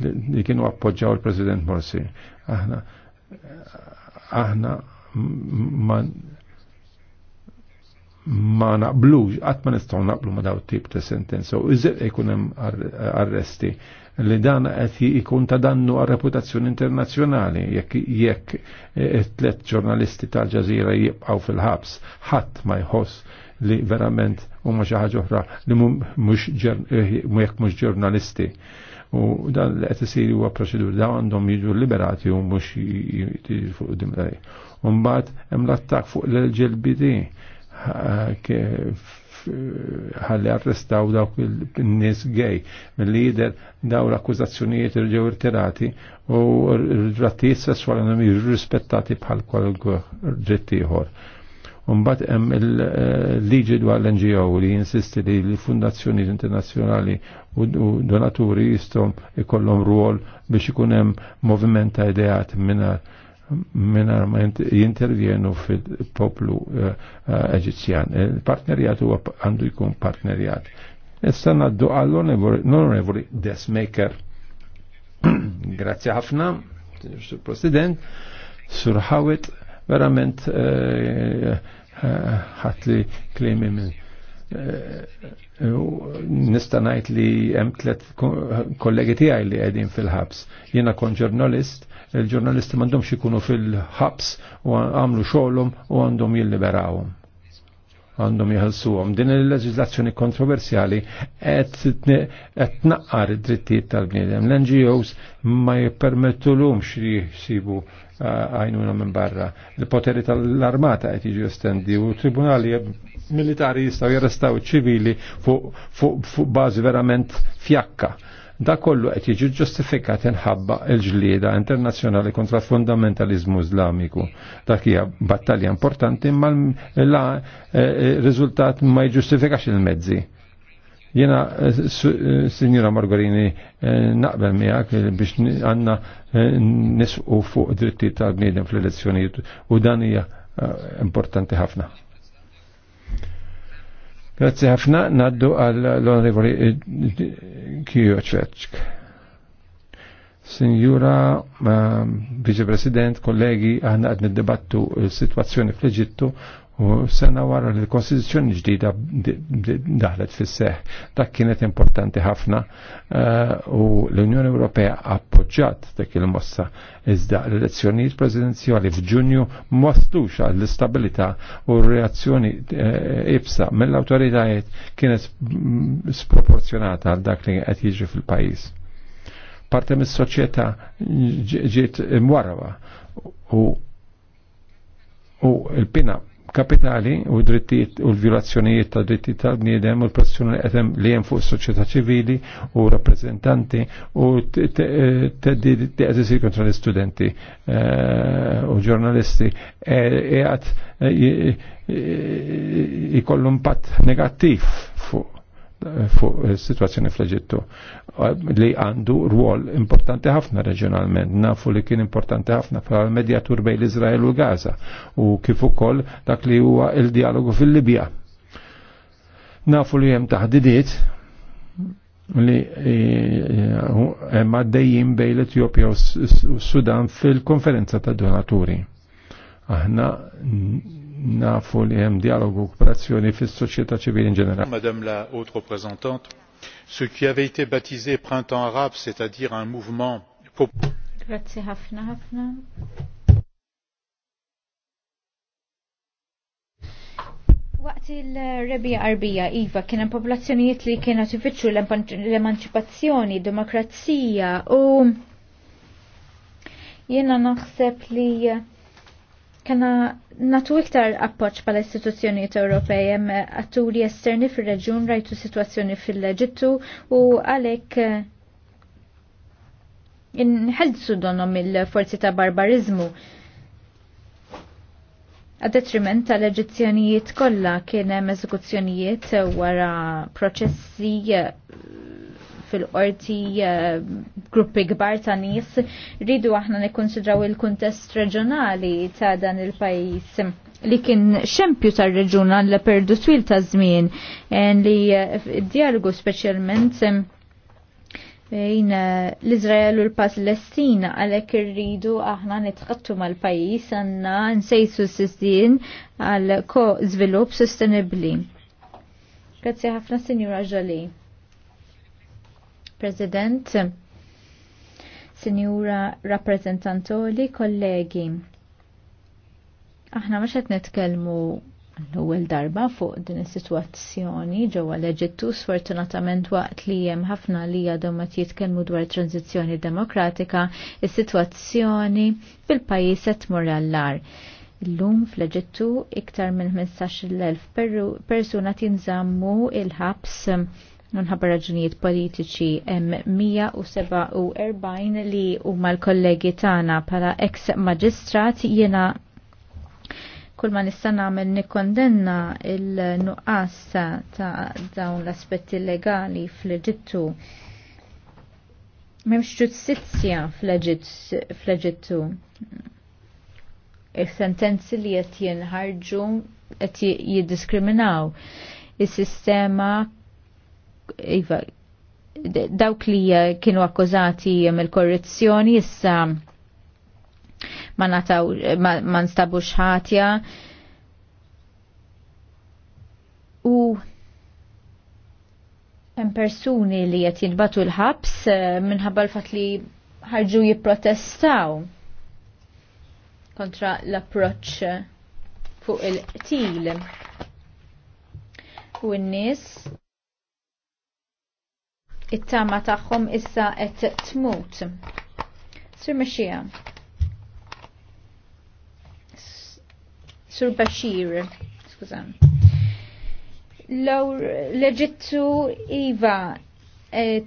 li kienu appoġġaw il-President Morsi. Aħna aħna ma naqblux, għat ma nistaw naqblu ma daw tip ta' sentenza u iżel ikunem hemm arresti li dan qed ikun ta' dannu għal reputazzjoni internazzjonali jekk jekk eh, tliet ġurnalisti tal ġazira jibqgħu fil-ħabs, ħadd ma jħoss li verament huma xi ħaġa oħra li mhux eh, mhux ġurnalisti. U dan li qed isir huwa proċedur dawn għandhom jiġu liberati u mhux fuq dimlej. Umbat hemm l-attak fuq l-LGBT ħalli arrestaw dawk il-nies gay mill-lider daw l-akkużazzjonijiet irġew irtirati u r-drattijiet sessuali għandhom jiġu rispettati bħal kwalunkwe dritt ieħor. Umbat hemm il-liġi dwar l-NGO li jinsisti li l-fundazzjoni internazzjonali u donaturi jistom ikollhom rwol biex ikun hemm moviment ta' ideat mingħajr minar ma jintervjenu fil-poplu eh, eh, eġizjan. Eh, partnerjat u għandu jkun partnerjat. Issa naddu għall-onorevoli Desmaker. Grazie ħafna, Sur President, Sur Hawit, verament ħatli klimi minn Nistanajt li hemm tliet kollegi tijaj li għedin fil-ħabs. Jena kon ġurnalist il-ġurnalisti m'għandhomx ikunu fil-ħabs u għamlu xogħolhom u għandhom jilliberawhom. Għandhom jħalsuhom. Din il-leġiżlazzjoni kontroversjali qed tnaqqar id-drittijiet tal-bniedem. L-NGOs ma jippermettulhomx li jsibu għajnuna minn barra. Il-poteri tal-armata qed jiġu estendi u tribunali militari jistgħu jarrestaw ċivili fuq bażi verament fjakka Da kollu qed jiġi ġustifikat inħabba l-ġlieda internazzjonali kontra l-fundamentalizmu Islamiku. Dak hija battalja importanti imma l-riżultat eh, eh, ma jġustifikax il-mezzi. Jena, eh, Signora Margarini, naqbel miegħek biex għandna nisqu fuq dritti tal-bniedem fl-elezzjonijiet u dan hija importanti ħafna. Grazie ħafna, naddu għall-onorevoli eh, Kjoċveċk. Signora Vice President, kollegi, għanna għadni nid-debattu eh, situazzjoni fl-Eġittu U sena wara li l-Kostituzzjoni ġdida daħlet fis-seħ, dak kienet importanti ħafna eh, u l-Unjoni Ewropea appoġġat dak il-mossa iżda l-elezzjonijiet presidenzjali f'Ġunju mostux għall-istabilità u r-reazzjoni eh, ibsa mill-awtoritajiet kienet sproporzjonata għal dak li qed jiġri fil-pajjiż. Parte mis-soċjetà ġiet imwarawa u u l-pina kapitali u drittijiet u l-violazzjonijiet ta' drittijiet tal-bniedem u l-pressjoni li li hemm fuq is-soċjetà ċivili u rappreżentanti u teddid kontra l-istudenti eh, u ġurnalisti qiegħed eh, eh, ikollu impatt negattiv fuq fuq is-sitwazzjoni fl-Eġittu li għandu ruol importanti ħafna reġjonalment. Nafu li kien importanti ħafna pal medjatur bejn l-Izrael u Gaza u kif ukoll dak li huwa il-dialogu fil-Libja. Nafu li hemm taħdidiet li e, e, hemm għaddejjin bejn l-Etjopja u Sudan fil-konferenza ta' donaturi. Aħna nafu li hemm dialogu u kooperazzjoni fis-soċjetà ċivili in ġenerali. Madame la Haute Représentante, ce qui avait été baptisé printemps arabe c'est à dire un mouvement Waqt il-rebija qarbija Iva kien hemm popolazzjonijiet li kienu tifittxu l-emanċipazzjoni, demokrazija u jiena naħseb li Kena natu iktar appoċ pala istituzzjonijiet Ewropej hemm atturi esterni fir-reġjun rajtu situazzjoni fil-Eġittu u għalhekk eh, inħedzu donom il-forzi ta' barbarizmu għad-detriment tal-Eġizzjonijiet kollha kien hemm eżekuzzjonijiet wara proċessi fil-qorti eh, gruppi gbar ta' nies, rridu aħna nikkonsidraw il-kuntest reġjonali ta' dan il-pajjiż li kien xempju tar reġjuna għalla perdu twil ta' żmien li eh, dialogu speċjalment eh, bejn l-Izrael u l-Palestina għalhekk irridu aħna nitħattu mal-pajjiż għandna nsejsu s-sistin għal ko żvilupp sostenibbli. Grazzi ħafna Sinjura Ġali. President, Sinjura Rappresentantoli, kollegi. Aħna mhux qed nitkellmu l-ewwel darba fuq din is-sitwazzjoni ġewwa l-Eġittu sfortunatament waqt li hemm ħafna li għadhom qed jitkellmu dwar tranzizzjoni demokratika, is-sitwazzjoni fil-pajjiż qed tmur għall-lar. Illum fl-Eġittu iktar minn 15,000 persuna tinżammu il-ħabs minħabba raġunijiet politiċi hemm 147 li huma l-kollegi tagħna bħala ex maġistrat jiena kull ma nista' nagħmel nikkondenna il-nuqqas ta' dawn l-aspetti legali fl-Eġittu. M'hemmx ġustizzja fl-Eġittu. Is-sentenzi li qed jinħarġu qed jiddiskriminaw is-sistema iva, dawk li eh, kienu akkużati eh, mill-korruzzjoni issa ma nataw eh, ma, ma nstabux ħatja u hemm persuni li qed jinbatu l-ħabs minħabba l-fatt li ħarġu jipprotestaw kontra l-approċċ fuq il-qtil u n-nies it-tama tagħhom issa qed tmut. Sir Mexija. Sur Bashir, skużan. L-Eġittu Iva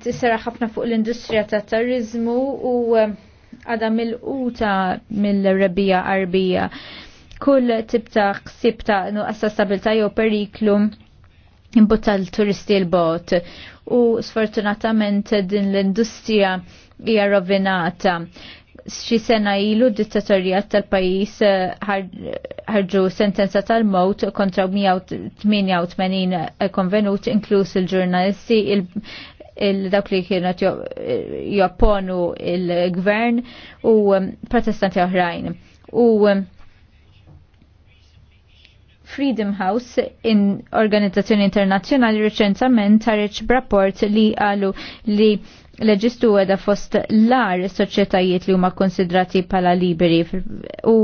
tisara ħafna fuq l-industrija ta' terrorizmu u um, għada mill-uta mill-rebija arbija. Kull tibta ta' nuqqas stabilta jew periklum imbuta l-turisti l-bot u sfortunatament din l-industrija hija rovinata xi sena ilu d-dittatorija tal-pajis eh, ħarġu sentenza tal-mot kontra 188 eh, konvenut inkluż il-ġurnalisti il-dawk li kienet eh, jopponu il-gvern u protestanti oħrajn. U Freedom House in organizzazzjoni internazzjonali reċentament tarriċ b'rapport li għalu li leġistu għeda fost lar soċetajiet li huma konsidrati pala liberi u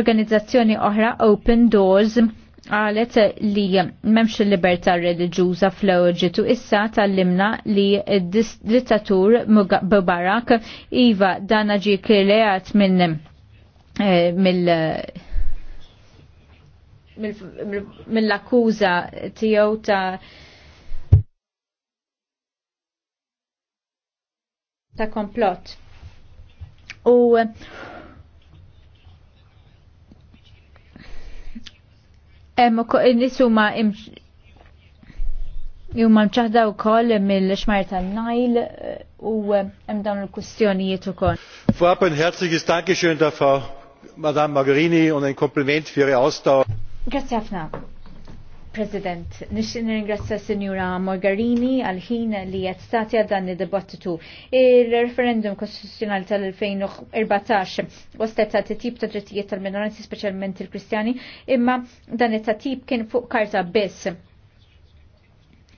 organizzazzjoni oħra Open Doors għalet li memx libertà religjuza fl-Eġittu issa tal-limna li dittatur Mubarak Iva dana ġi kreat minn Eh, mill mill-akkuża tiegħu ta' ta' komplott. U hemm nies huma huma mċaħda wkoll mill-xmar tan-najl eh, u hemm l il-kwistjonijiet ukoll. Fwapen, ein herzliches Dankeschön der Frau Madame Mogherini und ein Kompliment für Ihre Ausdauer. Grazie ħafna. President, nixin ringrazzja Signora Mogherini għal ħin li qed tatja dan id-dibattitu. Il-referendum kostituzzjonali tal-2014 waslet ta' tip ta' drittijiet tal-minoranzi speċjalment il-Kristjani, imma dan it-tatib kien fuq karta biss.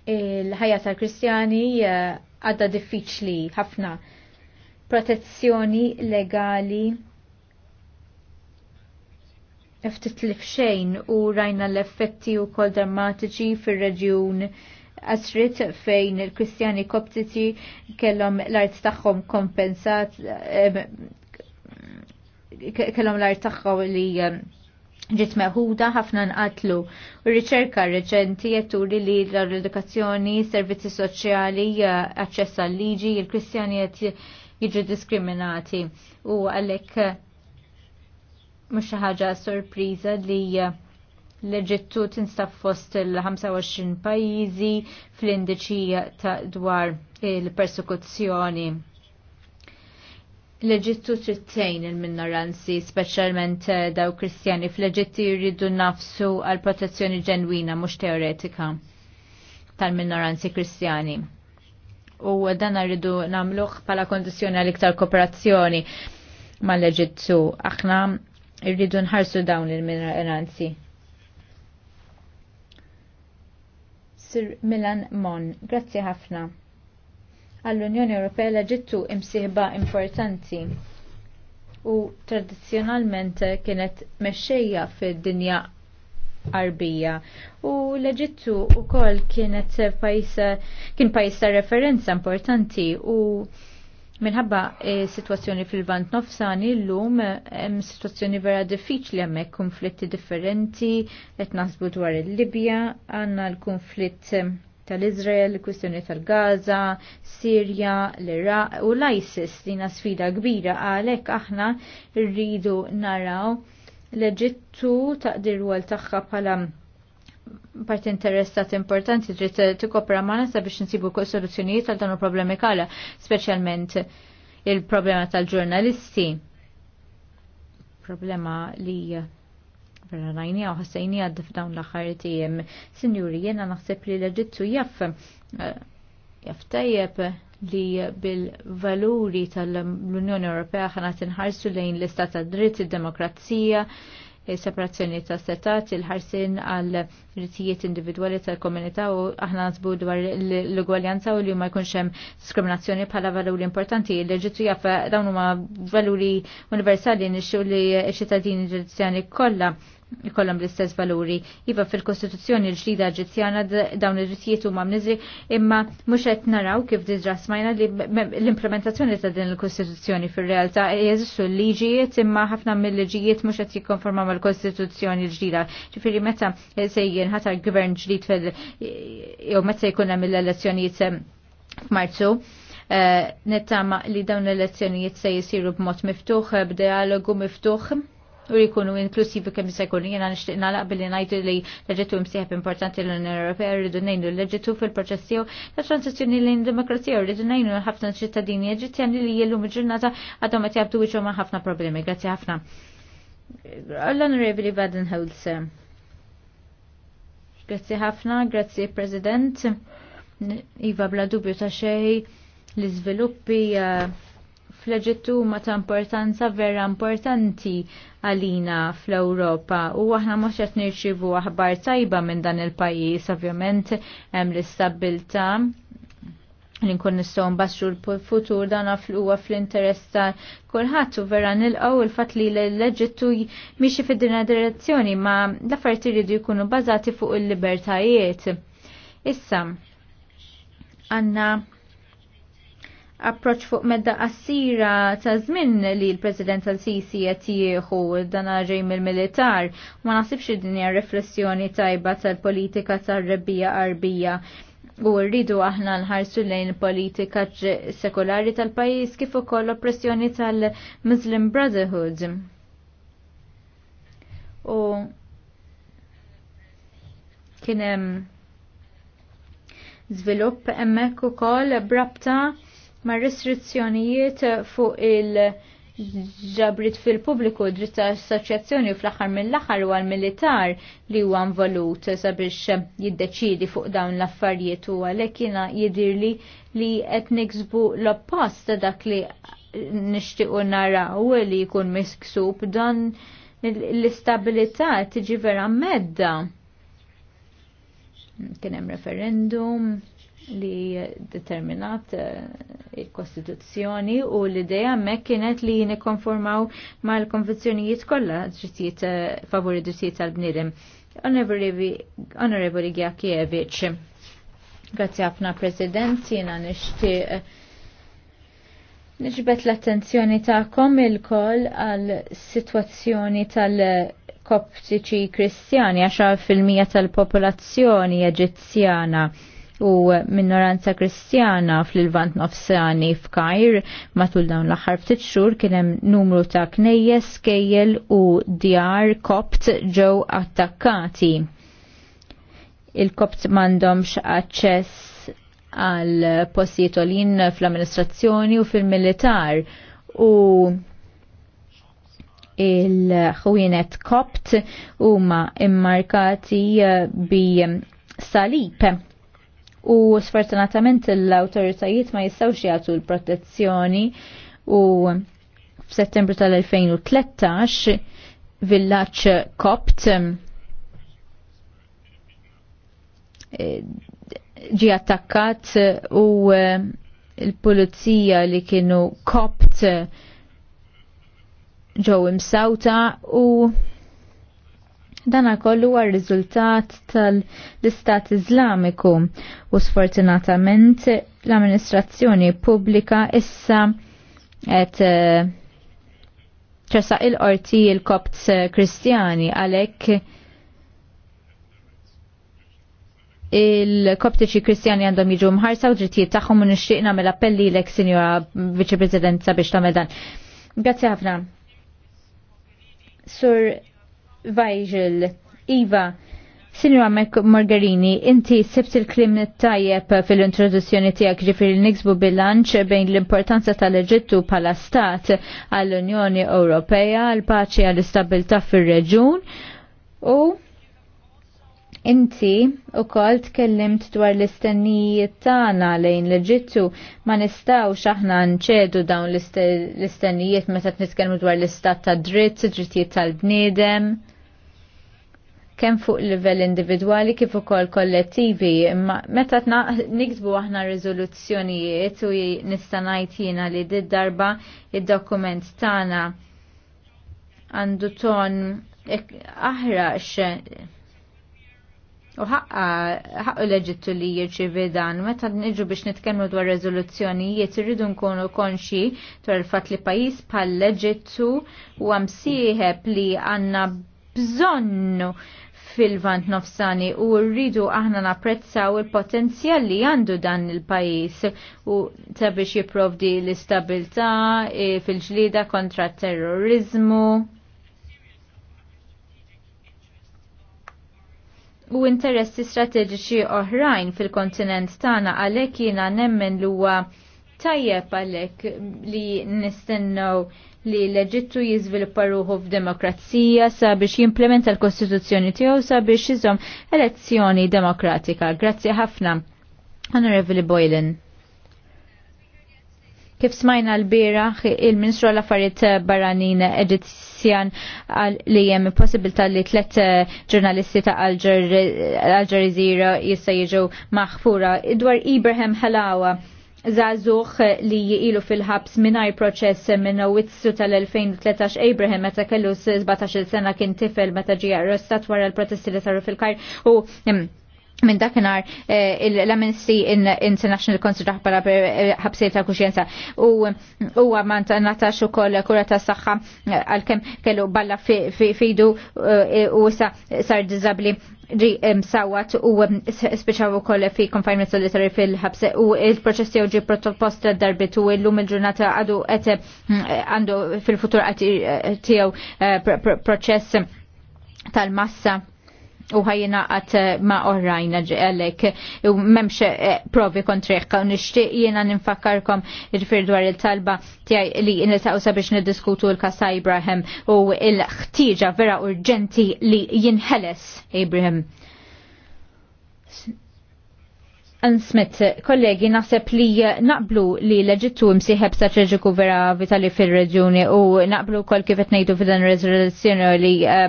Il-ħajja tal-Kristjani eh, għadda diffiċli ħafna protezzjoni legali ftit li fxejn u rajna l-effetti u kol drammatiċi fil-reġjun asrit fejn il-Kristjani Koptiti kellhom l-art tagħhom kompensat eh, kellhom l-art tagħhom li eh, ġiet meħuda ħafna nqatlu. U riċerka reċenti qed turi li l-edukazzjoni, servizzi soċjali, eh, aċċess għal liġi, il-Kristjani qed jiġu diskriminati u għalhekk mhux xi ħaġa sorpriża li eh, l-Eġittu tinstaf fost il-25 pajjiżi fl-indiċi ta' dwar il-persekuzzjoni. L-Eġittu trittejn il-minoranzi, speċjalment eh, daw kristjani fl-Eġitti jridu nafsu għal protezzjoni ġenwina mhux teoretika tal-minoranzi kristjani. U dan rridu nagħmluh bħala kondizzjoni għal iktar kooperazzjoni mal-Eġittu. Aħna irridu nħarsu dawn il-minoranzi. Sir Milan Mon, grazzi ħafna. Għall-Unjoni Ewropea l-ġittu imsiħba importanti u tradizjonalment kienet mexxejja fid-dinja arbija. U l-Eġittu u kol kienet pajsa, kien pajsa ta' referenza importanti u Minħabba e, situazzjoni fil-vant nofsani l-lum hemm situazzjoni vera diffiċli hemmhekk konflitti differenti qed naħsbu dwar il-Libja, għandna l-konflitt tal-Izrael, kwistjoni tal-Gaza, Sirja, l-Iraq u l-ISIS li sfida kbira għalhekk aħna rridu naraw l-Eġittu taqdir għal tagħha bħala parti interessat importanti trid tikopra magħna sabiex insibu kull soluzzjonijiet għal dawn il-problemi kala, speċjalment il-problema tal-ġurnalisti. Problema li vera rajni għaw ħassajni għad f'dawn l-axar tijem. Sinjuri, jena naħseb li l-ġittu jaff, jaff tajjeb li bil-valuri tal-Unjoni Ewropea ħana tinħarsu lejn l-istat tad dritt, id-demokrazija, separazzjoni ta' setat, il-ħarsin għal rittijiet individwali tal-komunità u aħna nazbu dwar l-ugwaljanza u li ma jkunx hemm diskriminazzjoni bħala valuri importanti. Il-ġittu jaffa dawn huma valuri universali nixxu li ċittadini ġudizzjani kollha ikollhom l-istess valuri. Iva fil-Kostituzzjoni l-ġdida Eġizzjana dawn il drittijiet huma mamnizri, imma mhux qed naraw kif diġà smajna li l-implementazzjoni ta' din il-Kostituzzjoni fir-realtà jeżistu l-liġijiet imma ħafna mill-liġijiet mhux qed jikkonforma mal-Kostituzzjoni l-ġdida. Ġifieri meta se jinħatar gvern ġdid fil- jew meta jkun hemm l-elezzjonijiet eh, f'Marzu eh, nittama li dawn l-elezzjonijiet se jisiru b'mod miftuħ, eh, b'dialogu miftuħ u li jkunu inklusivi kemm se jkunu jiena nixtieq nagħlaq billi ngħidu li l msiħab importanti l-Unjoni Ewropea rridu nejnu l fil-proċess tiegħu ta' transizzjoni lejn demokrazija u rridu ngħidu ħafna ċittadini Eġittjani li jellum il-ġurnata għadhom qed jabdu wiċċhom ma' ħafna problemi. Grazzi ħafna. L-Onorevoli Baden Holse. Grazzi ħafna, grazzi President. Iva bla dubju ta' xej l-iżviluppi eh, fl-Eġittu ma ta' importanza vera importanti għalina fl-Ewropa u aħna mhux qed nirċivu aħbar tajba minn dan il-pajjiż, ovvjament hemm l-istabilta li nkun nistgħu nbaxxu l-futur dan huwa fl-interess ta' kulħadd u vera nilqgħu il-fatt li l leġittu mixi fid-dinja direzzjoni ma l-affarijiet iridu jkunu bażati fuq il-libertajiet. Issa għandna approċ fuq medda qassira ta' żmien li l-President tal-Sisi qed jieħu dan ġej mill-militar ma naħsibx din hija riflessjoni tajba tal-politika tar-rebbija qarbija u rridu aħna nħarsu lejn politika sekolari tal-pajjiż kif ukoll oppressjoni tal-Muslim Brotherhood. U kien hemm żvilupp hemmhekk ukoll brabta ma' restrizzjonijiet fuq il- ġabrit fil-pubbliku dritt ta' assoċjazzjoni u fl-aħħar mill-aħħar u għal-militar li huwa involut sabiex jiddeċidi fuq dawn l-affarijiet u għalhekk jiena jidirli li qed niksbu l-oppost ta' dak li nixtiequ naraw li jkun misksub dan l-istabilità tiġi vera medda. Kien hemm referendum, li determinat eh, il-Kostituzzjoni u l-ideja mek kienet li nikonformaw ma l-konvenzjonijiet kollha drittijiet eh, favori drittijiet tal-bnidem. Onorevoli Gjakievic, grazzi ħafna President, jiena nixtieq eh, Nġbet l-attenzjoni ta'kom il-koll għal situazzjoni tal- koptiċi kristjani, 10% tal-popolazzjoni eġizzjana u minoranza kristjana fl-Lvant Nofsani f'Kajr matul dawn l-aħħar ftit xhur kien hemm numru ta' knejjes, kejjel u djar kopt ġew attakkati. Il-kopt m'għandhomx aċċess għal postijiet fl-amministrazzjoni u fil-militar u il-ħwienet kopt huma immarkati bi salib u sfortunatament l-autoritajiet ma jistawx jagħtu l-protezzjoni u f'Settembru tal-2013 villaċ kopt eh, ġi attakkat u eh, il-pulizija li kienu kopt ġew imsawta u dana kollu għal riżultat tal-Istat Islamiku u sfortunatament l-amministrazzjoni pubblika issa et ċersa eh, il-qorti il-kopt kristjani għalek il-koptiċi kristjani għandhom jiġu mħarsa u drittijiet tagħhom u nixtieq nagħmel appelli lek sinjora viċi-president sabiex tagħmel dan. Grazzi ħafna. Sur Vajġil, Iva, Sinjora Margarini, inti sebt il-klim tajjeb fil-introduzzjoni tijak ġifiri niksbu bilanċ bejn l-importanza tal-Eġittu pala stat għall-Unjoni Ewropea, għall-paċi għall-istabilta fil-reġun u inti u kol tkellimt dwar l-istennijiet tagħna lejn l-Eġittu ma nistgħux aħna nċedu dawn l-istennijiet meta nitkellmu dwar l-istat ta' dritt, drittijiet tal-bniedem kemm fuq livell individwali kif ukoll kollettivi imma meta niksbu aħna riżoluzzjonijiet u nista' ngħid jiena li did darba id-dokument tagħna għandu ton aħrax u ħaqqa leġittu li jirċivi dan meta niġu biex nitkellmu dwar riżoluzzjonijiet irridu nkunu konxi dwar il-fatt li pajjiż bħal leġittu u għamsieħeb li għandna bżonnu fil-vant nofsani u rridu aħna napprezzaw il-potenzjal li għandu dan il-pajis u sabiex jiprovdi l-istabilta e, fil-ġlida kontra terrorizmu. u interessi strateġiċi oħrajn fil-kontinent tagħna għalhekk jiena nemmen l-uwa tajjeb għalhekk li nistennew li l-Eġittu jiżviluppa ruħu f'demokrazija sabiex jimplementa l-Kostituzzjoni tiegħu sabiex iżom elezzjoni demokratika. Grazzi ħafna. Honorevoli Boylan. Kif smajna l-bira, il-Ministru għal-Affarijiet Barranin Eġizzjan li jem possibilità li tlet eh, ġurnalisti ta' Al-Ġarizira jista' jiġu maħfura. Dwar Ibrahim Halawa, zazuħ li jilu fil-ħabs minaj proċess minn Witzsu tal-2013 Abraham meta kellu 17 sena kien tifel meta ġi arrestat wara l-protesti li saru fil-kajr u minn dakinar eh, l in International konsidra bħala eh, ħabsil ta' kuxjenza u huwa ma natax ukoll kura ta' saħħa eh, għalkemm kellu balla fidu u sa sar dizabli ġi msawat u speċaw ukoll fi confinement solitary fil-ħabse u il-proċess tiegħu ġi proposta darbit u llum il-ġurnata għadu qed mm, għandu fil-futur tijaw proċess tal-massa u ħajjina għat eh, ma oħrajn għalek u memx eh, provi kontriħka u nishtiq jena ninfakarkom il-fir dwar il-talba tijaj li niltaqu sabiex nidiskutu l-kasa Ibrahim u il ħtijġa vera urġenti li jinħeles Ibrahim. Ansmet, kollegi, naħseb li naqblu li leġittu imsiħeb strategiku vera vitali fil-reġjuni u naqblu kol kif etnejdu f'dan rezoluzzjoni li eh,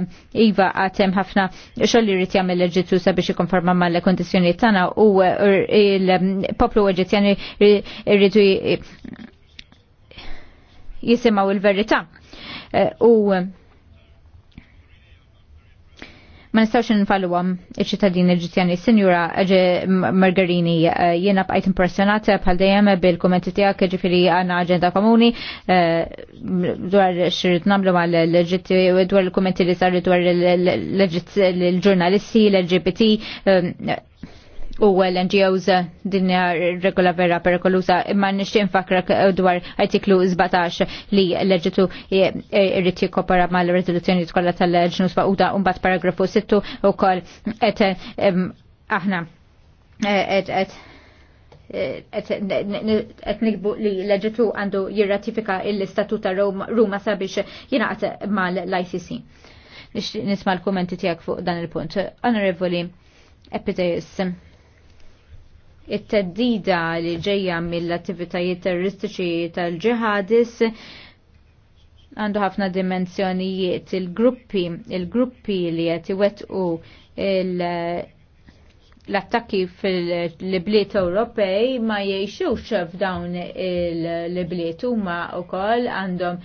Iva għatem ħafna xolli rrit jgħamil leġittu sabiex jikonforma ma le kondizjoni tana u eh, il-poplu eġizzjani rritu jisimaw il-verita. Eh, u ma nistawx nfalluhom iċ-ċittadini ġitjani. Sinjura Eġe Margarini, jiena bqajt impressjonat bħal dejjem bil-kummenti tiegħek ġifieri għanna aġenda komuni dwar xirrit nagħmlu għal l ġitti dwar il-kummenti li saru dwar l ġurnalisti l-LGBT u l-NGOs din regola vera perikolusa imma nixtieq infakrak dwar artiklu 17 li l-leġitu irrid ma mal rezoluzjoni tkolla tal-ġnus baquda u mbagħad paragrafu 6 kol e, et aħna e, qed et nikbu li leġitu għandu jirratifika l-istatut ta' Ruma sabiex ma mal-ICC. Nisma l-kommenti tijak fuq dan il-punt. Onorevoli, epidejus it-teddida li ġejja mill-attivitajiet terroristiċi tal-ġihadis għandu ħafna dimensjonijiet il-gruppi il-gruppi li qed iwettqu l-attakki fil-bliet Ewropej ma jgħixux f'dawn il-bliet huma wkoll għandhom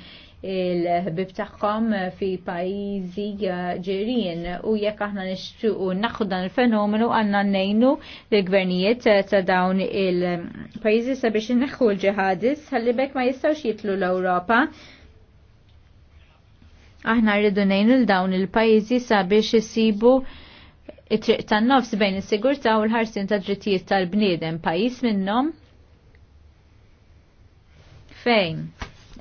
il-ħbib tagħhom fi pajjiżi eh, ġirien u jekk aħna nixtiequ naħħu dan il-fenomenu għandna nejnu l-gvernijiet eh, ta' dawn il-pajjiżi sabiex inneħħu l-ġihadis għalli bekk ma jistgħux jitlu l-Ewropa aħna rridu nejnu l-dawn il-pajizi sabiex jisibu it-triq tan-nofs bejn is sigurta u l-ħarsin ta' drittijiet tal-bniedem pajjiż minnhom fejn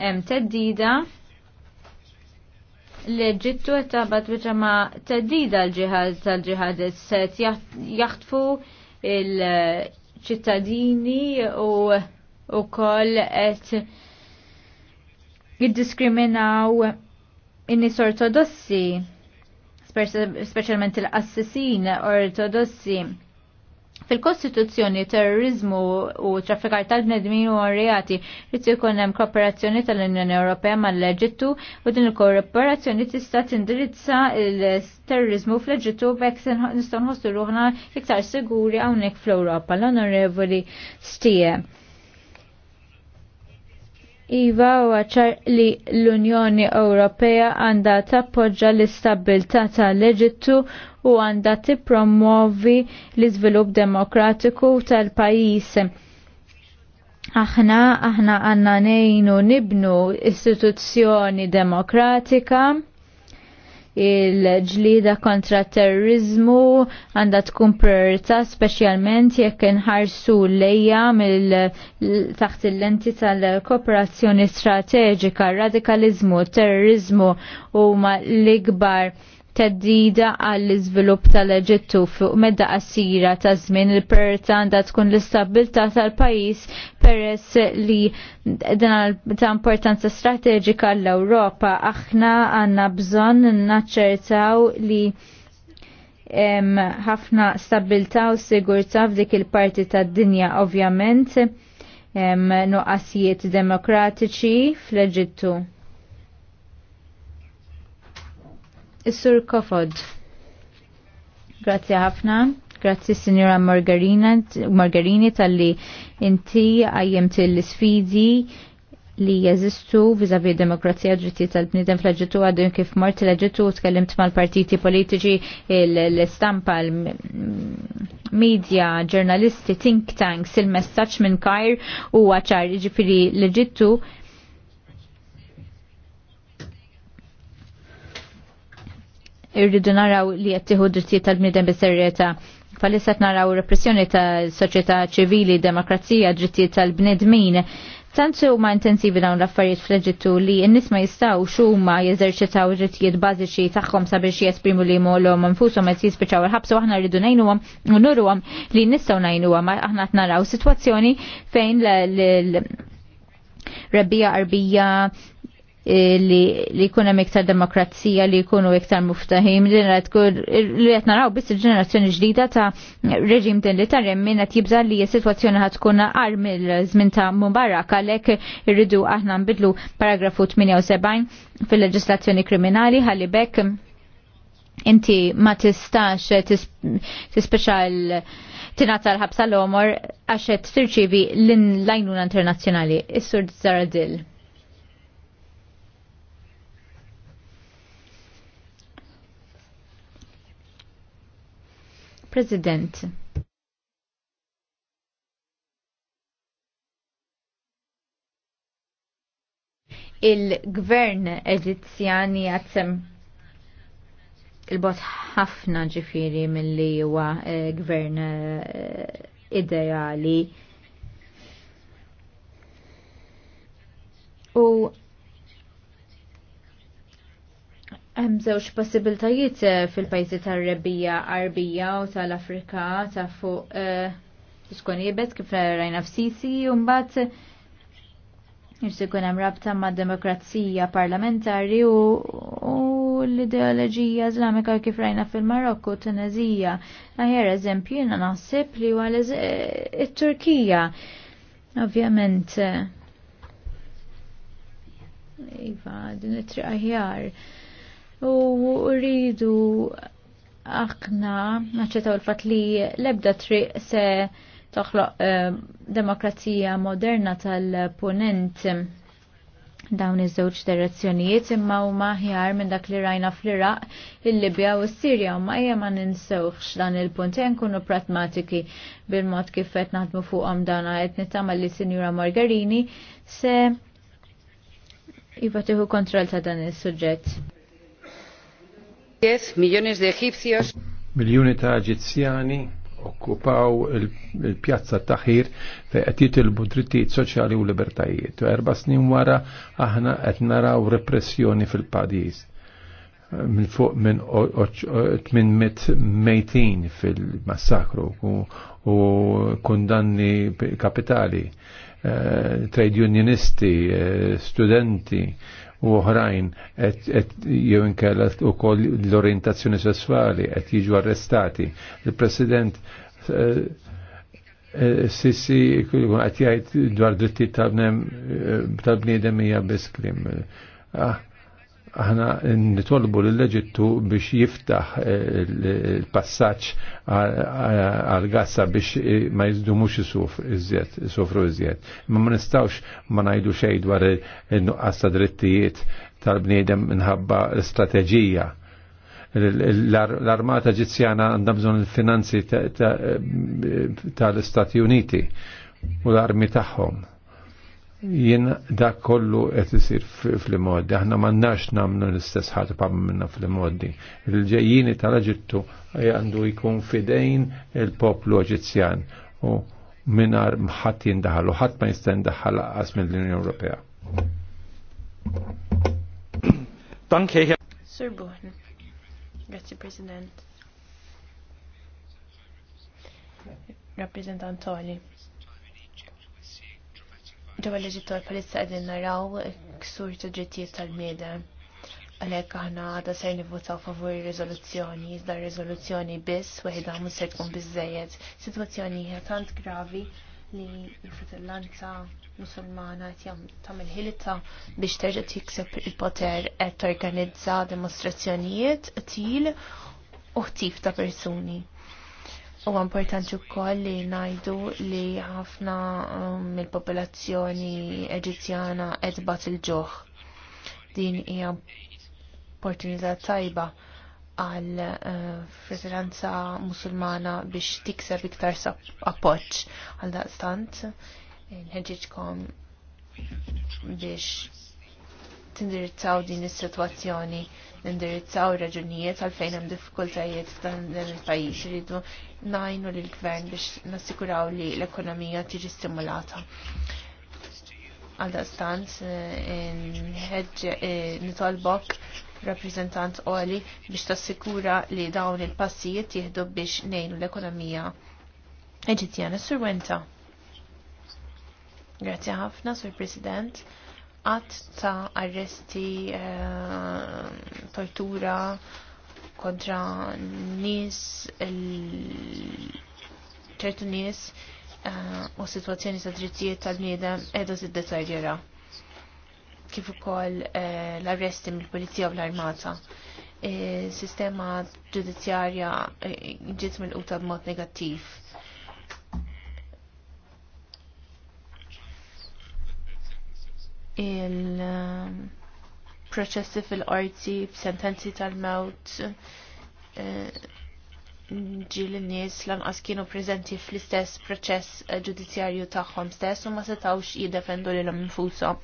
hemm teddida l ġittu qed tabad biċa ma' teddida l-ġihad tal-ġihadist set jaħtfu il-ċittadini u wkoll qed jiddiskriminaw in-nies ortodossi speċjalment il-qassisin ortodossi Fil-Kostituzzjoni, terrorizmu u traffikar tal-bnedmin u reati rrid ikun hemm kooperazzjoni tal-Unjoni Ewropea mal-Eġittu u din il-kooperazzjoni tista' tindirizza il-terrorizmu fl-Eġittu bekk nistgħu nħossu ruħna iktar siguri hawnhekk fl-Ewropa. L-Onorevoli Stie. Iva u għacċar li l-Unjoni Ewropea għanda tappoġġa l-istabilta tal-Eġittu u għanda tippromovi l-izvilup demokratiku tal-pajis. Aħna, aħna għanna nejnu nibnu istituzzjoni demokratika il-ġlida kontra terrorizmu għandha tkun priorità speċjalment jekk inħarsu lejja mill taħt il-lenti tal-kooperazzjoni strateġika, radikalizmu, terrorizmu huma l-ikbar teddida għall iżvilupp tal-Eġittu fuq medda qasira ta' żmien il-priorità għandha tkun l-istabilità tal-pajjiż peress li dan ta' importanza strateġika l-Ewropa. Aħna għandna bżonn naċċertaw li ħafna stabilta u sigurta f'dik il-parti tad-dinja ovvjament nuqqasijiet demokratiċi fl-Eġittu. Is-Sur Kofod. Grazzi ħafna. Grazzi Signora Margarina, Margarini tal-li inti għajjemt l-sfidi li jeżistu vizavi demokrazija ġritti tal-bnidem fl-ġittu għadu kif mort l-ġittu tkellimt mal-partiti politiċi l-istampa l-medja, ġurnalisti, think tanks, il messaċ minn kajr u għacħar ġifiri l-ġittu irridu naraw li jattiħu drittijiet tal-bniedem bis-serjetà. Palissa naraw repressjoni ta' soċjetà ċivili, demokrazija, drittijiet tal-bnedmin. Tant huma intensivi dawn l-affarijiet fl ġittu li n-nies ma jistgħu xuma jeżerċitaw drittijiet bażiċi tagħhom sabiex jesprimu li jmollhom infushom ma jispiċċaw il ħabsu aħna rridu ngħinuhom u nurhom li najnu ngħinuhom aħna t naraw sitwazzjoni fejn l rebbija qarbija Eh, li jkun hemm iktar demokrazija li jkunu iktar muftaħim li qed naraw biss il-ġenerazzjoni ġdida ta' reġim din li tarem min qed jibża li s-sitwazzjoni ħad tkun qar mill-żmien ta' Mubarak għalhekk irridu aħna nbidlu paragrafu 78 fil-leġislazzjoni kriminali ħalli bekk inti ma tistax tispeċal l l-ħabsa l-omor għaxet tirċivi l-lajnuna internazjonali. Is-sur Zaradil. President. il-gvern Eġizzjani għatsem il-bot ħafna ġifiri mill-li huwa eh, gvern eh, ideali. U Hemm żewġ possibiltajiet eh, fil-pajjiżi tar-rebbija Arbija u tal-Afrika ta' fuq eh, tkun jibet kif rajna f'Sisi u mbagħad irsi jkun hemm rabta mad demokrazija parlamentari u l-ideoloġija Islamika kif rajna fil-Marokku u Tunezija. Aħjar eżempju jiena naħseb li huwa eh, it-Turkija. Ovvjament Iva, din it-triq aħjar u rridu aħna naċċettaw il-fatt li l-ebda triq se toħloq eh, demokrazija moderna tal-ponent dawn iż-żewġ direzzjonijiet imma huma aħjar minn dak li rajna fl-Iraq il-Libja u s-Sirja u ma ma ninsewx dan il-punt hekk nkunu pragmatiki bil-mod kif qed naħdmu fuqhom dawn qed nittama li Sinjura Margarini se iva tieħu kontroll ta' dan is-suġġett. 10 miljones de egipcios. Miljoni ta' Eġizzjani okkupaw il-pjazza il taħir fej qed jitilbu drittijiet soċjali u libertajiet. U erba' snin wara aħna qed naraw repressjoni fil-pajjiż minn fuq minn 800 mejtin fil-massakru u kundanni kapitali, eh, trade unionisti, eh, studenti u oħrajn jew inkella ukoll l-orientazzjoni sessuali qed jiġu arrestati. Il-President eh, eh, Sissi qed jgħajt dwar dritti tal-bniedem eh, hija biss krim. Ah, aħna nitolbu l leġittu biex jiftaħ il-passaċ eh, għal gassa biex eh, ma jizdumux isuf iżjed, iżjed. Ma ma nistawx ma najdu xej dwar il-nuqqas drittijiet tal-bniedem minħabba strateġija l-armata ġizjana għandha bżonn il-finanzi eh, tal-Istati Uniti u l-armi tagħhom jien dak kollu qed isir fl-modi, aħna m'għandnax nagħmlu l-istess ħadd pa' minna fl-modi. Il-ġejjini tal-Eġittu għandu jkun fidejn il-poplu Eġizzjan u minar ħadd jindaħal u ħadd ma jista' jindaħħal qas mill-Unjoni Ewropea. Sir Bohn. Grazie President. Tolli. Ġewwa l-Eġittor palissa qegħdin naraw ksur ta' drittijiet tal mede Għalhekk aħna għada ser nivvotaw favur ir-riżoluzzjoni, iżda r-riżoluzzjoni biss weħda mhux se tkun biżejjed. Sitwazzjoni hija tant gravi li l-fratellanza musulmana qed tagħmel ħilita biex terġa' tikseb il-poter qed torganizza t qtil u ħtif ta' persuni. U importanti wkoll li ngħidu li ħafna um, mill-popolazzjoni um, Eġizzjana qed il-ġoħ. Din hija opportunità tajba għal uh, fratellanza musulmana biex tikseb iktar appoġġ għal daqstant nħeġġitkom biex tindirizzaw din is-sitwazzjoni, nindirizzaw raġunijiet għalfejn hemm diffikultajiet dan il-pajjiż iridu ngħinu lill gvern biex nassikuraw li l-ekonomija tiġi stimulata. Għaldaqstant eh, eh, nitolbok rappresentant oli biex tassikura li dawn il-passijiet jihdu biex nejnu l-ekonomija Eġittjana Surwenta. Grazie ħafna, Sur President qatt ta' arresti, eh, tortura kontra nis, ċertu nies eh, u situazzjoni ta' drittijiet tal-bniedem qiegħda tiddeterjera. Kif ukoll eh, l-arresti mill-pulizija u l-armata. Sistema ġudizzjarja ġiet mill qutab b'mod negattiv il-proċessi fil-qorti b'sentenzi tal-mewt eh, ġi l nies lanqas kienu preżenti fl-istess proċess eh, ġudizzjarju tagħhom stess u ma setawx jiddefendu lilhom infushom.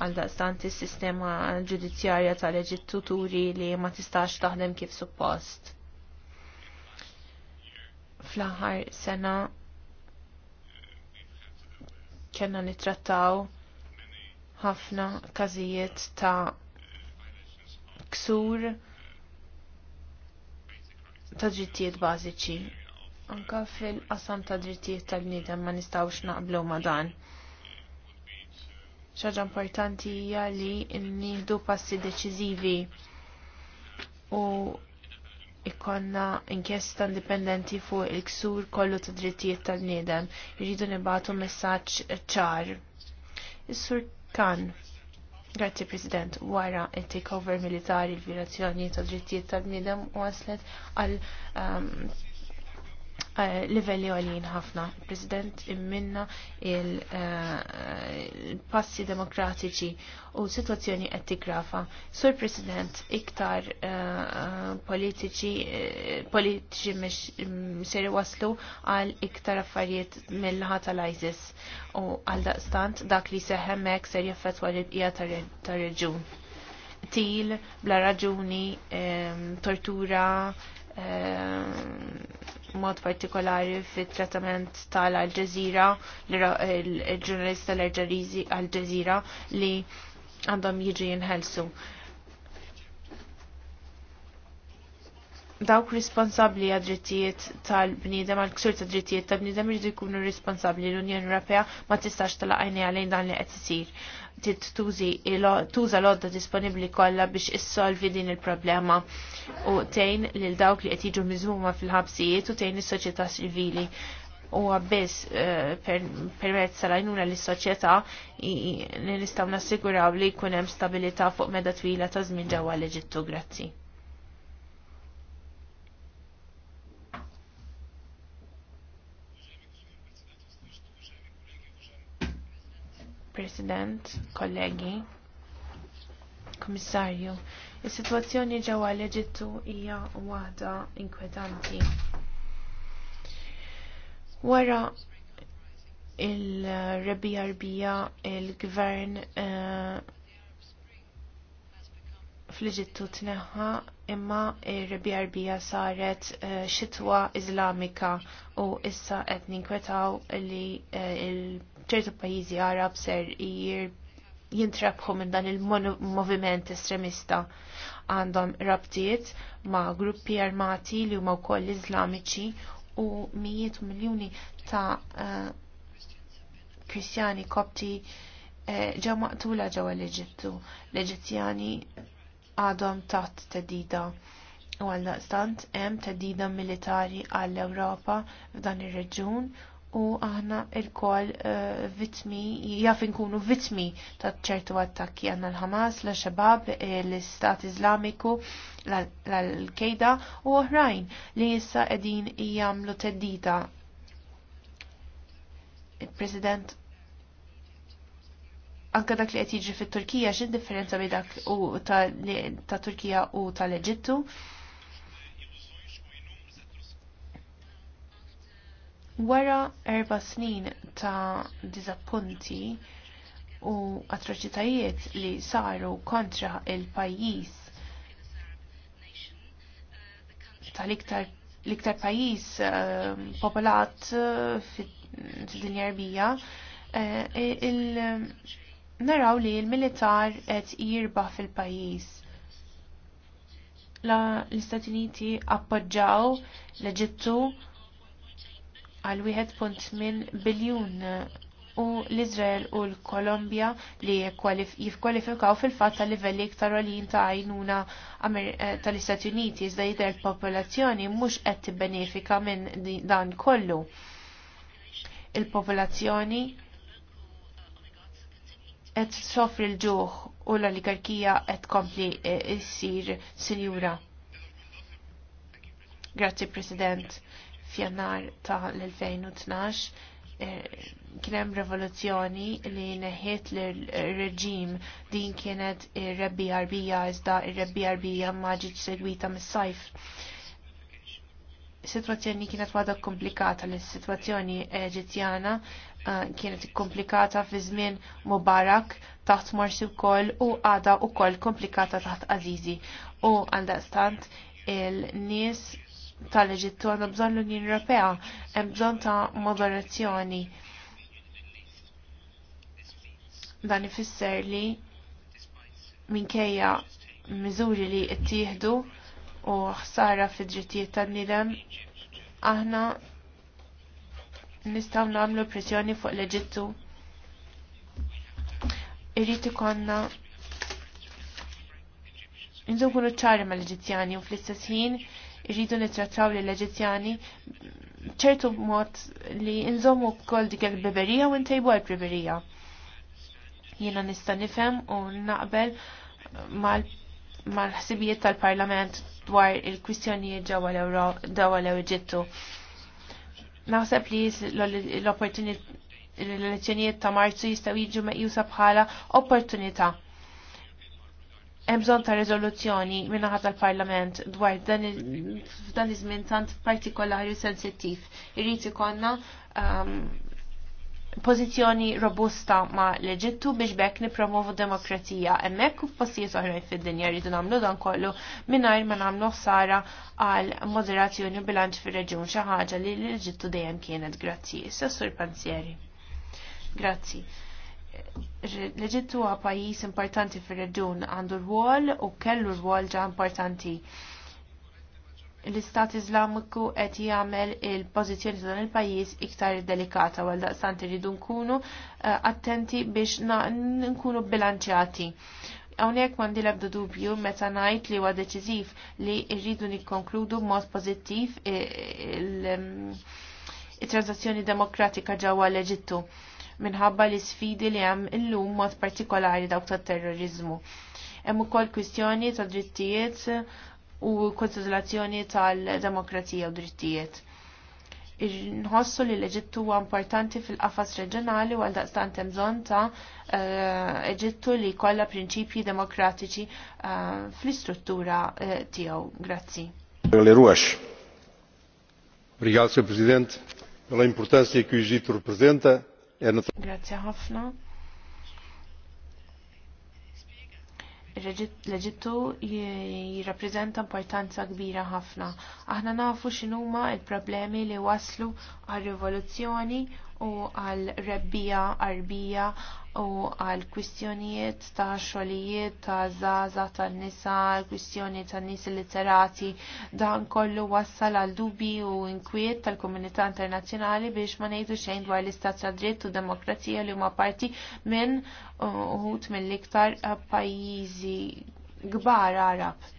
Għal daqstant is-sistema ġudizzjarja tal-Eġittu turi li ma tistax taħdem kif suppost. Fl-aħħar sena kellna nittrattaw ħafna każijiet ta' ksur ta' drittijiet bażiċi. Anka fil-qasam ta' drittijiet tal-bniedem ma nistgħux naqblu ma' dan. ċaġa importanti hija li nieħdu passi deċiżivi u ikonna inkjesta indipendenti fuq il-ksur kollu ta' drittijiet tal-bniedem. Iridu nibatu messaġġ ċar. Is-sur kan Grazie President, wara il-takeover militari, il-violazzjoni ta' drittijiet tal-bniedem waslet għal um, Eh, livelli għalin ħafna. President imminna il-passi eh, demokratiċi u situazzjoni ettigrafa. Sur President, iktar eh, politiċi politiċi mm, seri waslu għal iktar affarijiet mill-ħat tal-ISIS u għal daqstant dak li seħemmek ser jaffetwa l-ibqija tar-reġun. Til, bla raġuni, tortura, mod partikolari fit trattament tal-Al-Ġazira, il-ġurnalist tal-Al-Ġazira li għandhom jiġi jinħelsu. Dawk responsabli għad-drittijiet tal-bnidem, għal-ksur ta' drittijiet tal-bnidem jridu jkunu responsabli l-Unjoni Ewropea ma tistax tal-għajni lejn dan li qed isir tuża l-odda disponibli kollha biex issolvi din il-problema u tejn lil dawk li qed jiġu miżmuma fil-ħabsijiet u tejn is-soċjetà ċivili u għabbis eh, permezz tal-għajnuna s soċjetà li nistgħu nassiguraw li jkun hemm stabilità fuq meda twila ta' żmien ġewwa l-Eġittu. Grazzi. President, kollegi, Komissarju, is-sitwazzjoni ġewwa l-Eġittu hija waħda inkwetanti. Wara il-rebija rbija il-gvern uh, fl-Eġittu tneħħa imma il rebija rbija saret uh, xitwa Iżlamika u issa qed ninkwetaw li uh, il- ċertu pajjiżi Arab ser jintrabħu minn dan il-moviment estremista għandhom rabtiet ma' gruppi armati li huma wkoll iżlamiċi u mijiet u miljuni ta' eh, Kristjani Kopti eh, ġew maqtula ġewwa l-Eġittu. L-Eġittjani għadhom taħt tedida u għal stant hemm tedida militari għall ewropa f'dan ir-reġjun u aħna il-kol uh, eh, vitmi, jaf nkunu vitmi ta' ċertu attakki għanna l-Hamas, la xabab, eh, l-Istat Islamiku, l kejda u oħrajn li jissa edin jamlu teddita. Il-President anka dak li qed jiġri fit-Turkija differenza bejn dak u ta' Turkija u tal-Eġittu. Ta Wara erba' snin ta' diżappunti u atroċitajiet li saru kontra il-pajjiż tal liktar l-iktar pajjiż ehm, popolat uh, eh, dinja erbija, eh, naraw li l-militar qed jirba fil-pajjiż. L-Istati Uniti appoġġaw l-Eġittu għal 1.8 biljun uh, u l-Izrael u l-Kolombja li jikkwalifikaw fil-fatt ta' livelli iktar għalin ta' għajnuna eh, tal-Istati Uniti iżda jidher l-popolazzjoni mhux qed tibbenefika minn dan kollu. Il-popolazzjoni qed soffri l-ġuħ u l-oligarkija qed kompli eh, ssir sinjura. Grazzi President f'jannar ta' l-2012 eh, kien hemm revoluzzjoni li neħiet l-reġim din kienet ir-rebbi arbija iżda ir-rebbi arbija ma ġietx segwita mis-sajf. Situazzjoni kienet waħda komplikata l situazzjoni Eġizzjana eh, kienet komplikata fi żmien Mubarak taħt Morsi wkoll u għada wkoll komplikata taħt Azizi u għandastant il-nies tal-Eġittu għanna bżonn l-Unjoni Ewropea, hemm bżonn ta' moderazzjoni. Dan ifisser li minkejja miżuri li ttieħdu u ħsara fid-drittijiet tan-nidem, aħna nistgħu nagħmlu pressjoni fuq l-Eġittu. Irrid ikollna Nżu kunu ċari mal-Eġizzjani u fl-istess ħin irridu nittrattaw li l-Eġizzjani ċertu mod li nżommu kol dik il-beberija u ntejbu għal-beberija. Jiena nista' nifhem u naqbel mal-ħsibijiet tal-Parlament dwar il-kwistjonijiet ġewwa l-Eġittu. Naħseb li l-opportunit l-elezzjonijiet ta' Marzu jistgħu jiġu meqjusa bħala opportunità hemm bżonn ta' riżoluzzjoni minnaħa tal-Parlament dwar dan mhm. iż-żmien tant partikolari u sensittiv. Irrid ikollna um, pożizzjoni robusta ma' l-Eġittu biex bekk nipromovu demokrazija hemmhekk u postijiet oħrajn fid-dinja rridu nagħmlu dan kollu mingħajr ma nagħmlu ħsara għal moderazzjoni u bilanċ fir-reġjun xaħġa li l-Eġittu dejjem kienet grazzi. Sessur sur Panzieri. Grazzi l-Eġittu huwa pajjiż importanti fir-reġjun għandu rwol u kellu rwol ġa importanti. L-Istat Iżlamiku qed jagħmel il-pożizzjoni ta' dan il-pajjiż iktar delikata għal daqstant irridu nkunu eh, attenti biex nkunu bilanċjati. Hawnhekk m'għandi l-ebda dubju meta ngħid li huwa deċiżiv li rridu nikkonkludu b'mod pożittiv eh, il-transazzjoni eh, demokratika ġewwa l-Eġittu minħabba l sfidi li hemm illum mod partikolari dawk tat-terrorizmu. Hemm ukoll kwistjoni ta' drittijiet u konsiderazzjoni tal-demokrazija u drittijiet. Nħossu li l-Eġittu huwa importanti fil-qafas reġjonali għal daqstan temżon ta' eh, Eġittu li jkollha prinċipji demokratiċi eh, fl-istruttura eh, tiegħu. Grazzi. Obrigado, President Presidente, pela importância que o Egito Grazie ħafna. l-Eġittu jirrappreżenta importanza kbira ħafna. Aħna nafu x'inhuma l-problemi li waslu għar-rivoluzzjoni u għal rebbija arbija u għal kwistjonijiet ta' xolijiet ta' zaza ta' nisa, kwistjoni ta' nis literati dan kollu wassal għal dubi u inkwiet tal-komunità internazzjonali biex ma' nejdu xejn dwar l-istat ta' dritt u demokrazija li huma parti minn uħut mill-iktar pajjiżi gbar Arab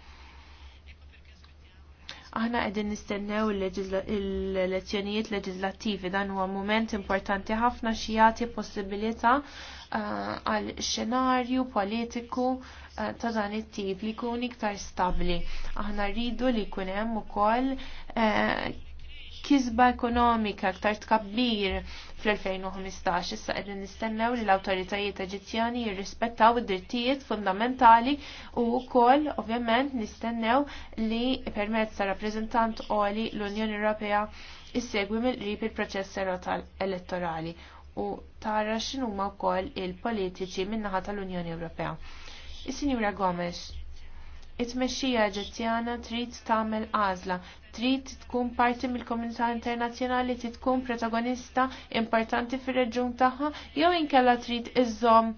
Aħna qegħdin nistennew il-elezzjonijiet leġislattivi dan huwa mument importanti ħafna xi jagħti possibilità uh, għal xenarju politiku uh, ta' dan it-tip li jkun iktar stabbli. Aħna rridu li jkun hemm ukoll uh, kisba ekonomika aktar tkabbir fl-2015 issa qed nistennew li l-awtoritajiet Eġizzjani jirrispettaw id-drittijiet fundamentali u wkoll ovvjament nistennew li permezz ta' rappreżentant qoli l-Unjoni Ewropea issegwi mill-qrib il-proċess elettorali u tara x'inhuma wkoll il-politiċi min-naħa tal-Unjoni Ewropea. Is-Sinjura Gomes, It-tmexxija Eġizzjana trid tagħmel għażla, trid tkun parti mill-komunità internazzjonali, trid tkun protagonista importanti fir-reġjun tagħha, jew inkella trid iżżomm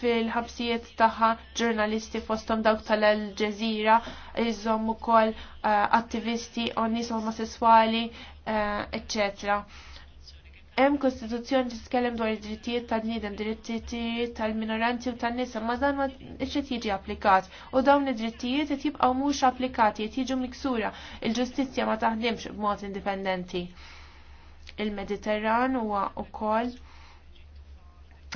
fil-ħabsijiet tagħha ġurnalisti fosthom dawk tal-Ġeżira, iżżomm ukoll eh, attivisti u nies omosessuali, eccetera. Eh, Hemm kostituzzjoni tiskellem dwar id-drittijiet tal-bniedem, drittijiet tal-minoranti u tan-nisa, ma dan ma xed jiġi applikat. U dawn id-drittijiet qed jibqgħu mhux applikati, qed jiġu miksura. Il-ġustizzja ma taħdimx b'mod indipendenti. Il-Mediterran huwa wkoll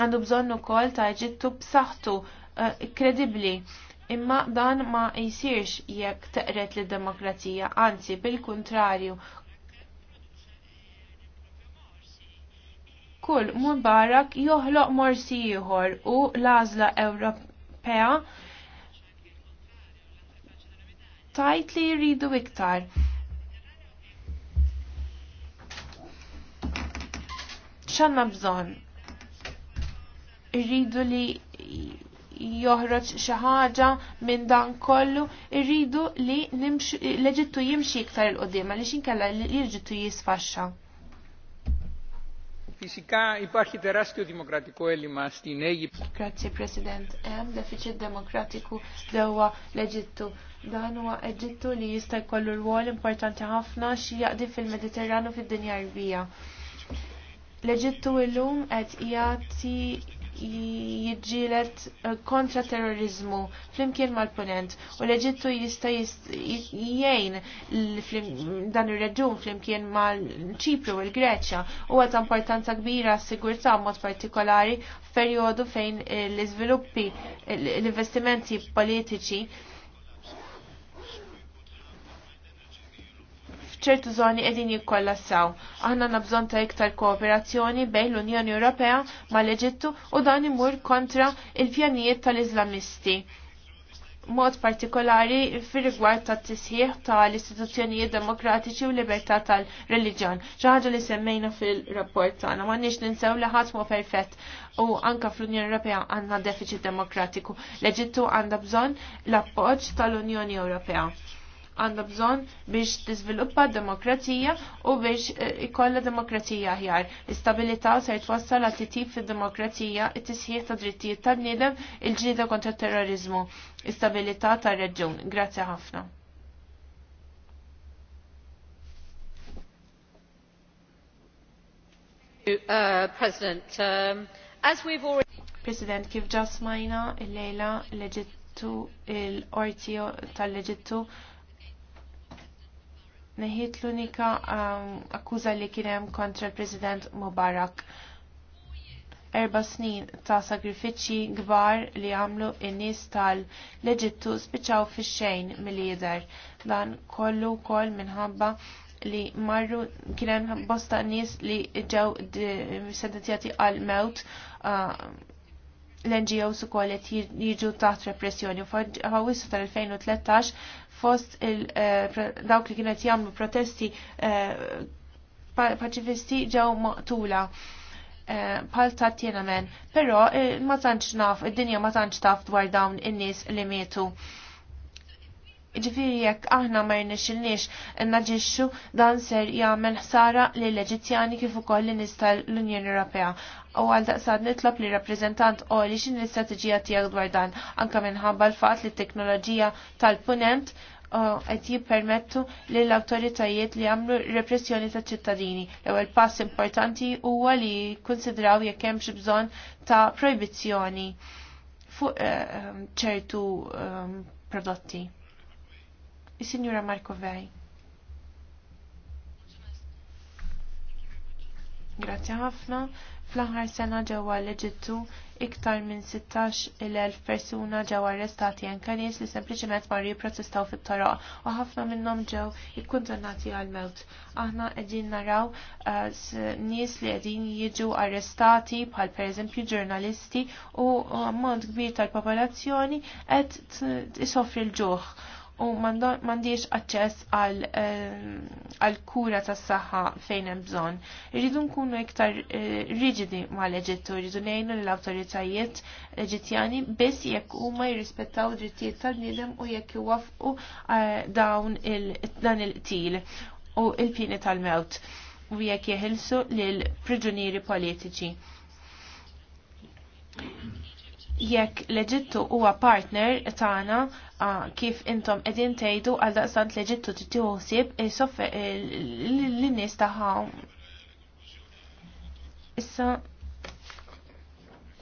għandu bżonn ukoll ta' Eġittu b'saħħtu eh, kredibbli. Imma dan ma jsirx jekk teqret lid demokrazija anzi bil-kuntrarju, kull Mubarak joħloq morsi ieħor u l-għażla Ewropea tajt li jridu iktar. ċanna bżon? Irridu li joħroġ xi ħaġa minn dan kollu, irridu li l-Eġittu jimxi iktar il-qudiem għaliex inkella l-Eġittu jisfaxxa. Φυσικά υπάρχει τεράστιο δημοκρατικό έλλειμμα στην Αίγυπτο. Grazie President. Hemm deficit demokratiku ġewwa l-Eġittu. Dan huwa Eġittu li jista' jkollu rwol importanti ħafna xi jaqdi fil-Mediterranu fid-dinja rbija. L-Eġittu llum qed jagħti jiġġielet eh, kontra terrorizmu flimkien mal-ponent u l-Eġittu jista' jgħin dan ir-reġun flimkien mal-Ċipru u l-Greċja u għad importanza kbira s-sigurtà mod partikolari f'perjodu fejn eh, l-iżviluppi l-investimenti politiċi ċertu zoni edin jikkollassaw. Aħna nabżon ta' iktar kooperazzjoni bejn l-Unjoni Ewropea mal-Eġittu u dan imur kontra il-pjanijiet tal-Islamisti. Mod partikolari fir rigward ta' tisħiħ tal-istituzzjonijiet demokratiċi u libertà tal-reliġjon. ċaħġa li semmejna fil-rapport tagħna m'għandniex ninsew li ħadd perfett u anka fl-Unjoni Ewropea għandna deficit demokratiku. L-Eġittu għandha bżonn l-appoġġ tal-Unjoni Ewropea għandha bżonn biex tiżviluppa demokrazija u biex eh, ikolla demokrazija aħjar. L-istabilità se jitwassal għal titjib fid-demokrazija, it-tisħiħ ta' drittijiet tan bniedem il ġnida kontra terrorizmu, istabilità tar-reġjun. Grazzi ħafna. Uh, President, um, President, kif ġasmajna il-lejla l-Eġittu, il-Ortio tal-Eġittu Neħiet l-unika um, akkuża li kienem kontra l-President Mubarak. Erba snin ta' sagrifiċi gbar li għamlu in-nies tal-Leġittu spiċaw fix xejn mill-lider. Dan kollu kol minħabba li marru kienem bosta nies li ġew sentenzjati għal-mewt uh, l ngo su kollet jiġu taħt repressjoni. Fawissu tal-2013 fost eh, dawk li kienet jagħmlu protesti eh, paċifisti ġew maqtula eh, bħal ta' Tiananmen, però ma tantx naf, id-dinja ma tantx taf dwar dawn in-nies li mietu. Ġifiri jekk aħna ma rnexxilniex naġixxu dan ser jagħmel ħsara l Eġizzjani kif ukoll l-nies tal-Unjoni Ewropea. U għal daqsad nitlob li u li x'in l-istrateġija tiegħek dwar dan anke minħabba l-fatt li t-teknoloġija tal-punent qed jippermettu lill awtoritajiet li għamlu repressjoni ta' ċittadini. L-ewwel pass importanti huwa li konsidraw jekk hemm xi bżonn ta' proibizzjoni fuq eh, ehm, ċertu ehm, prodotti. Is-Sinjura Marko Vej. Grazie ħafna. Fl-aħħar sena ġewwa l-Eġittu iktar minn 16,000 persuna ġew arrestati anke nies li sempliċement marru jipprotestaw fit-toroq u ħafna minnhom ġew ikkundannati għal mewt. Aħna qegħdin naraw eh, nies li qegħdin jiġu arrestati bħal pereżempju ġurnalisti u eh, ammont kbir tal-popolazzjoni qed isofri l-ġuħ u mandiex aċċess għal eh, kura tas saħħa fejn hemm bżonn. Irridu nkunu iktar eh, riġidi mal-Eġittu, irridu ngħinu l-awtoritajiet Eġittjani biss jekk huma jirrispettaw drittijiet tal-bniedem u jekk iwafqu eh, dawn dan il-qtil u il-pini tal-mewt u jekk jeħilsu lil priġunieri politiċi jekk l-Eġittu huwa partner tagħna kif intom qegħdin tgħidu għal daqstant l-Eġittu titjuħsib l-nies tagħha. Issa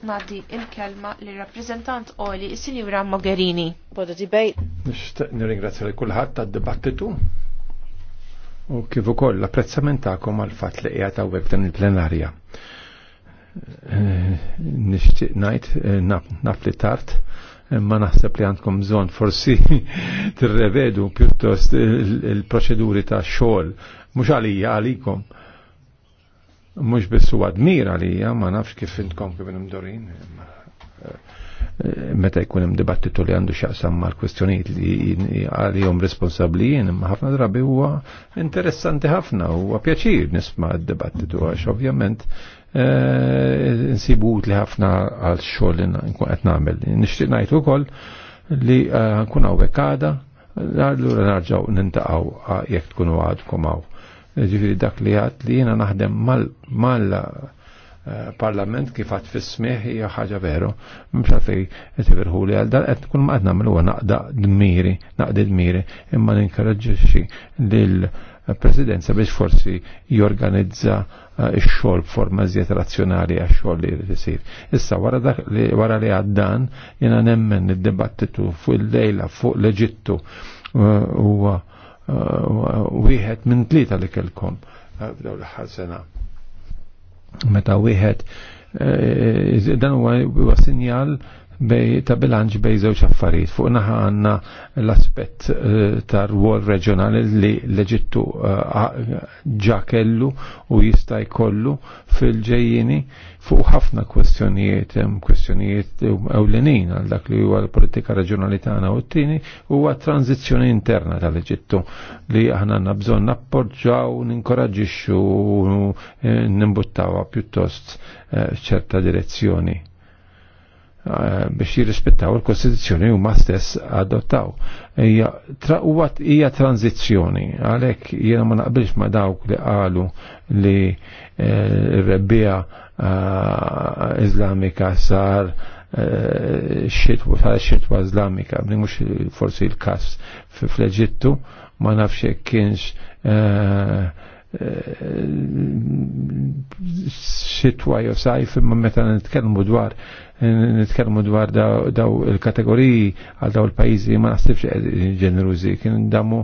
nadi il-kelma li rappresentant Oli, is-Sinjura Mogherini. Bodu debate. Nixtieq nirringrazzja lil kulħadd tad-dibattitu u kif ukoll l-apprezzament tagħkom għal fatt li qiegħed hawnhekk dan il-plenarja. Eh, nishtiq najt eh, naf li tart imma eh, naħseb li għandkom bżon forsi tirrevedu piuttost il-proċeduri ta' xogħol mhux għalija għalikom. Mhux bissu għadmir dmir għalija, ma nafx kif intkom kif mdorin. Meta jkun hemm dibattitu li għandu x'aqsam mal-kwestjonijiet li għalijom responsablijin imma ħafna drabi huwa interessanti ħafna, huwa pjaċir nisma' d-dibattitu għax ovvjament Eh, nsibu li ħafna għal xogħol li nkun qed nagħmel. Nixtieq ngħid ukoll li eh, nkun hawnhekk għada, allura narġgħu nintaqgħu ah, jekk tkunu għadkom hawn. Ġifiri dak li għat li jena naħdem mal parlament kif għat fissmieħ hija ħaġa veru, Mxafi, fej verħu li għal dan qed kull ma naqda d-miri, naqda dmiri, naqdi dmiri, imma ninkoraġġixxi lil presidenza biex forsi jorganizza eh, x-xogħol b'forma razzjonali għax-xogħol li jrid isir. Issa wara li wara li għaddan jiena nemmen id-dibattitu fuq il-lejla fuq l-Eġittu eh, eh, huwa wieħed minn tlieta li kelkom dawla l sena meta wieħed eh, dan huwa sinjal bej ta' bilanċ bej żewġ affarijiet. Fuq naħa għandna l-aspett eh, ta' rwol reġjonali li l-Eġittu eh, ġa kellu u jista' jkollu fil-ġejjini fuq ħafna kwestjonijiet, kwestjonijiet ewlenin għal dak li huwa l-politika reġjonali tagħna u t-tieni huwa tranzizzjoni interna tal-Eġittu li aħna għandna bżonn napporġaw, ninkoraġixxu, eh, nimbuttawha pjuttost ċerta direzzjoni Eh, biex jirrispettaw il-Kostituzzjoni u stess adottaw. Huwa hija tranzizzjoni, għalhekk jiena ma naqbilx ma dawk li qalu li r-rebbija eh, eh, Islamika sar xitwa Islamika, li mux forsi l kas fl-Eġittu ma nafx kienx xitwa jew sajf imma meta nitkellmu dwar nitkellmu dwar daw il-kategoriji għal daw il-pajjiżi ma naħsibx ġenerużi kien damu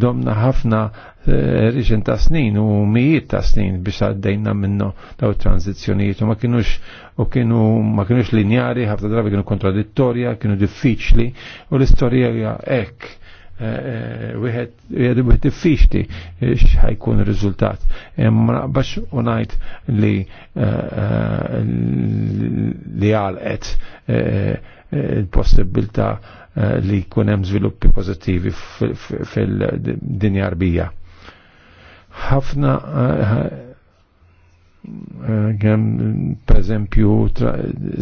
domna ħafna e, riġen ta' snin u mijiet ta' snin biex għaddejna minnu daw tranzizjonijiet u ma kienux u kienu ma kienux linjari ħafna drabi kienu kontradittorja kienu diffiċli u l-istorija hija hekk wieħed wieħed diffiċli eh, x'ħajkun ir-riżultat. Imma eh, naqbax u ngħid li eh, li għalqet il-possibilità li jkun hemm żviluppi pożittivi fil-dinja arbija. Ħafna għem per eżempju tra,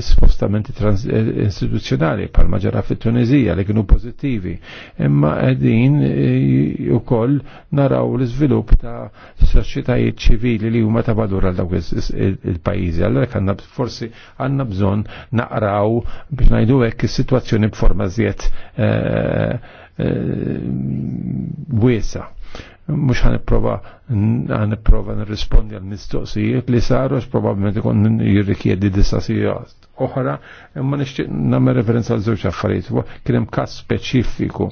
spostamenti trans, eh, istituzjonali pal maġara fit tunizija li kienu pozittivi imma għedin eh, u koll naraw l-izvilup ta' soċietajiet ċivili li huma ta' valur għal dawk il-pajizi għallek għanna forsi għanna bżon naqraw biex najdu hekk is-sitwazzjoni b'forma zjed eh, wiesa. Uh, uh, mux ħaniprofa ħaniprofa nirrispondi għal mistoqsijiet li saru probabbilment ikun jirrikjedi disa sijast oħra, ma nixtieq nagħmel referenza għal żewġ affarijiet. Kien hemm każ speċifiku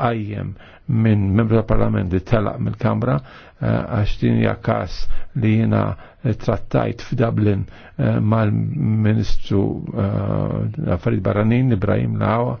qajjem minn membru tal-Parlament li telaq mill-Kamra eh, għax din hija kas li jiena trattajt f'Dublin eh, mal-Ministru eh, Affarijiet Barranin Ibrahim Lawa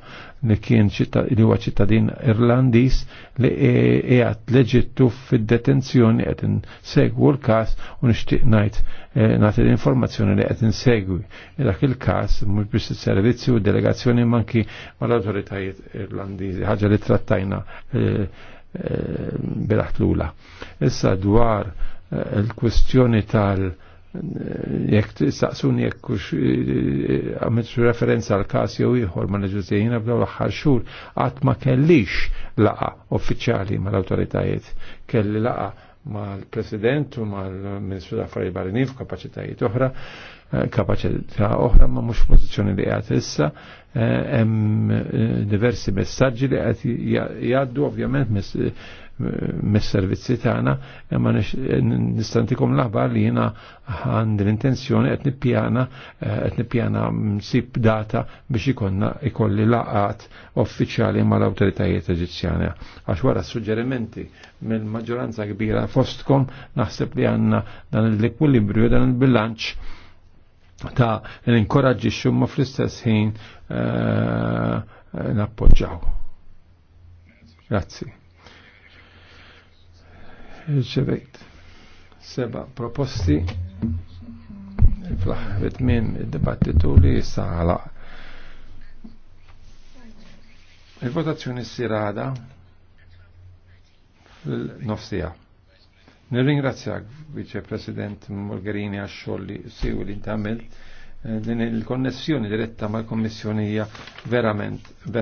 li kien li huwa ċittadin Irlandiż li qiegħed e- leġittu fid-detenzjoni qed insegwu l-każ u nixtieq ngħid Eh, nati l-informazzjoni li qed insegwi. E dak il-każ mhux biex is-servizzi u delegazzjoni manki mal-awtoritajiet Irlandiżi, ħaġa li trattajna bil-aħt eh, eh, bilaħtlula. Issa dwar il-kwestjoni tal- jek saqsun jek kux għamitxu referenza għal kas jew ieħor ma neġużejjina b'daw l-aħħar xhur qatt ma kellix laqa uffiċjali mal-awtoritajiet kelli laqa ma' l president u ma' l ministru ta' Affarijiet Barranin f'kapaċitajiet oħra, eh, kapacità oħra ma mhux pożizzjoni li qed issa, eh, hemm eh, diversi messaġġi li qed jgħaddu ovvjament mis-servizzi tagħna, imma nistantikom l-aħbar li jiena għandi l-intenzjoni qed nippjana eh, qed nippjana msib data biex ikollna ikolli laqat uffiċjali mal-awtoritajiet Eġizzjana. Għax wara suġġerimenti mill-maġġoranza kbira fostkom naħseb li għandna dan l-ekwilibrju dan il-bilanċ ta' l-inkoraġġi ma fl-istess ħin eh, eh, nappoġġaw. Grazie. Irċevejt seba proposti fl-ħvet minn id-dibattitu li jissaħla. Il-votazzjoni s-sirada fil-nofsija. Nirringrazzjak, Vice President Mulgerini, għax xogħol li siwi li ntamil din il-konnessjoni diretta mal hija verament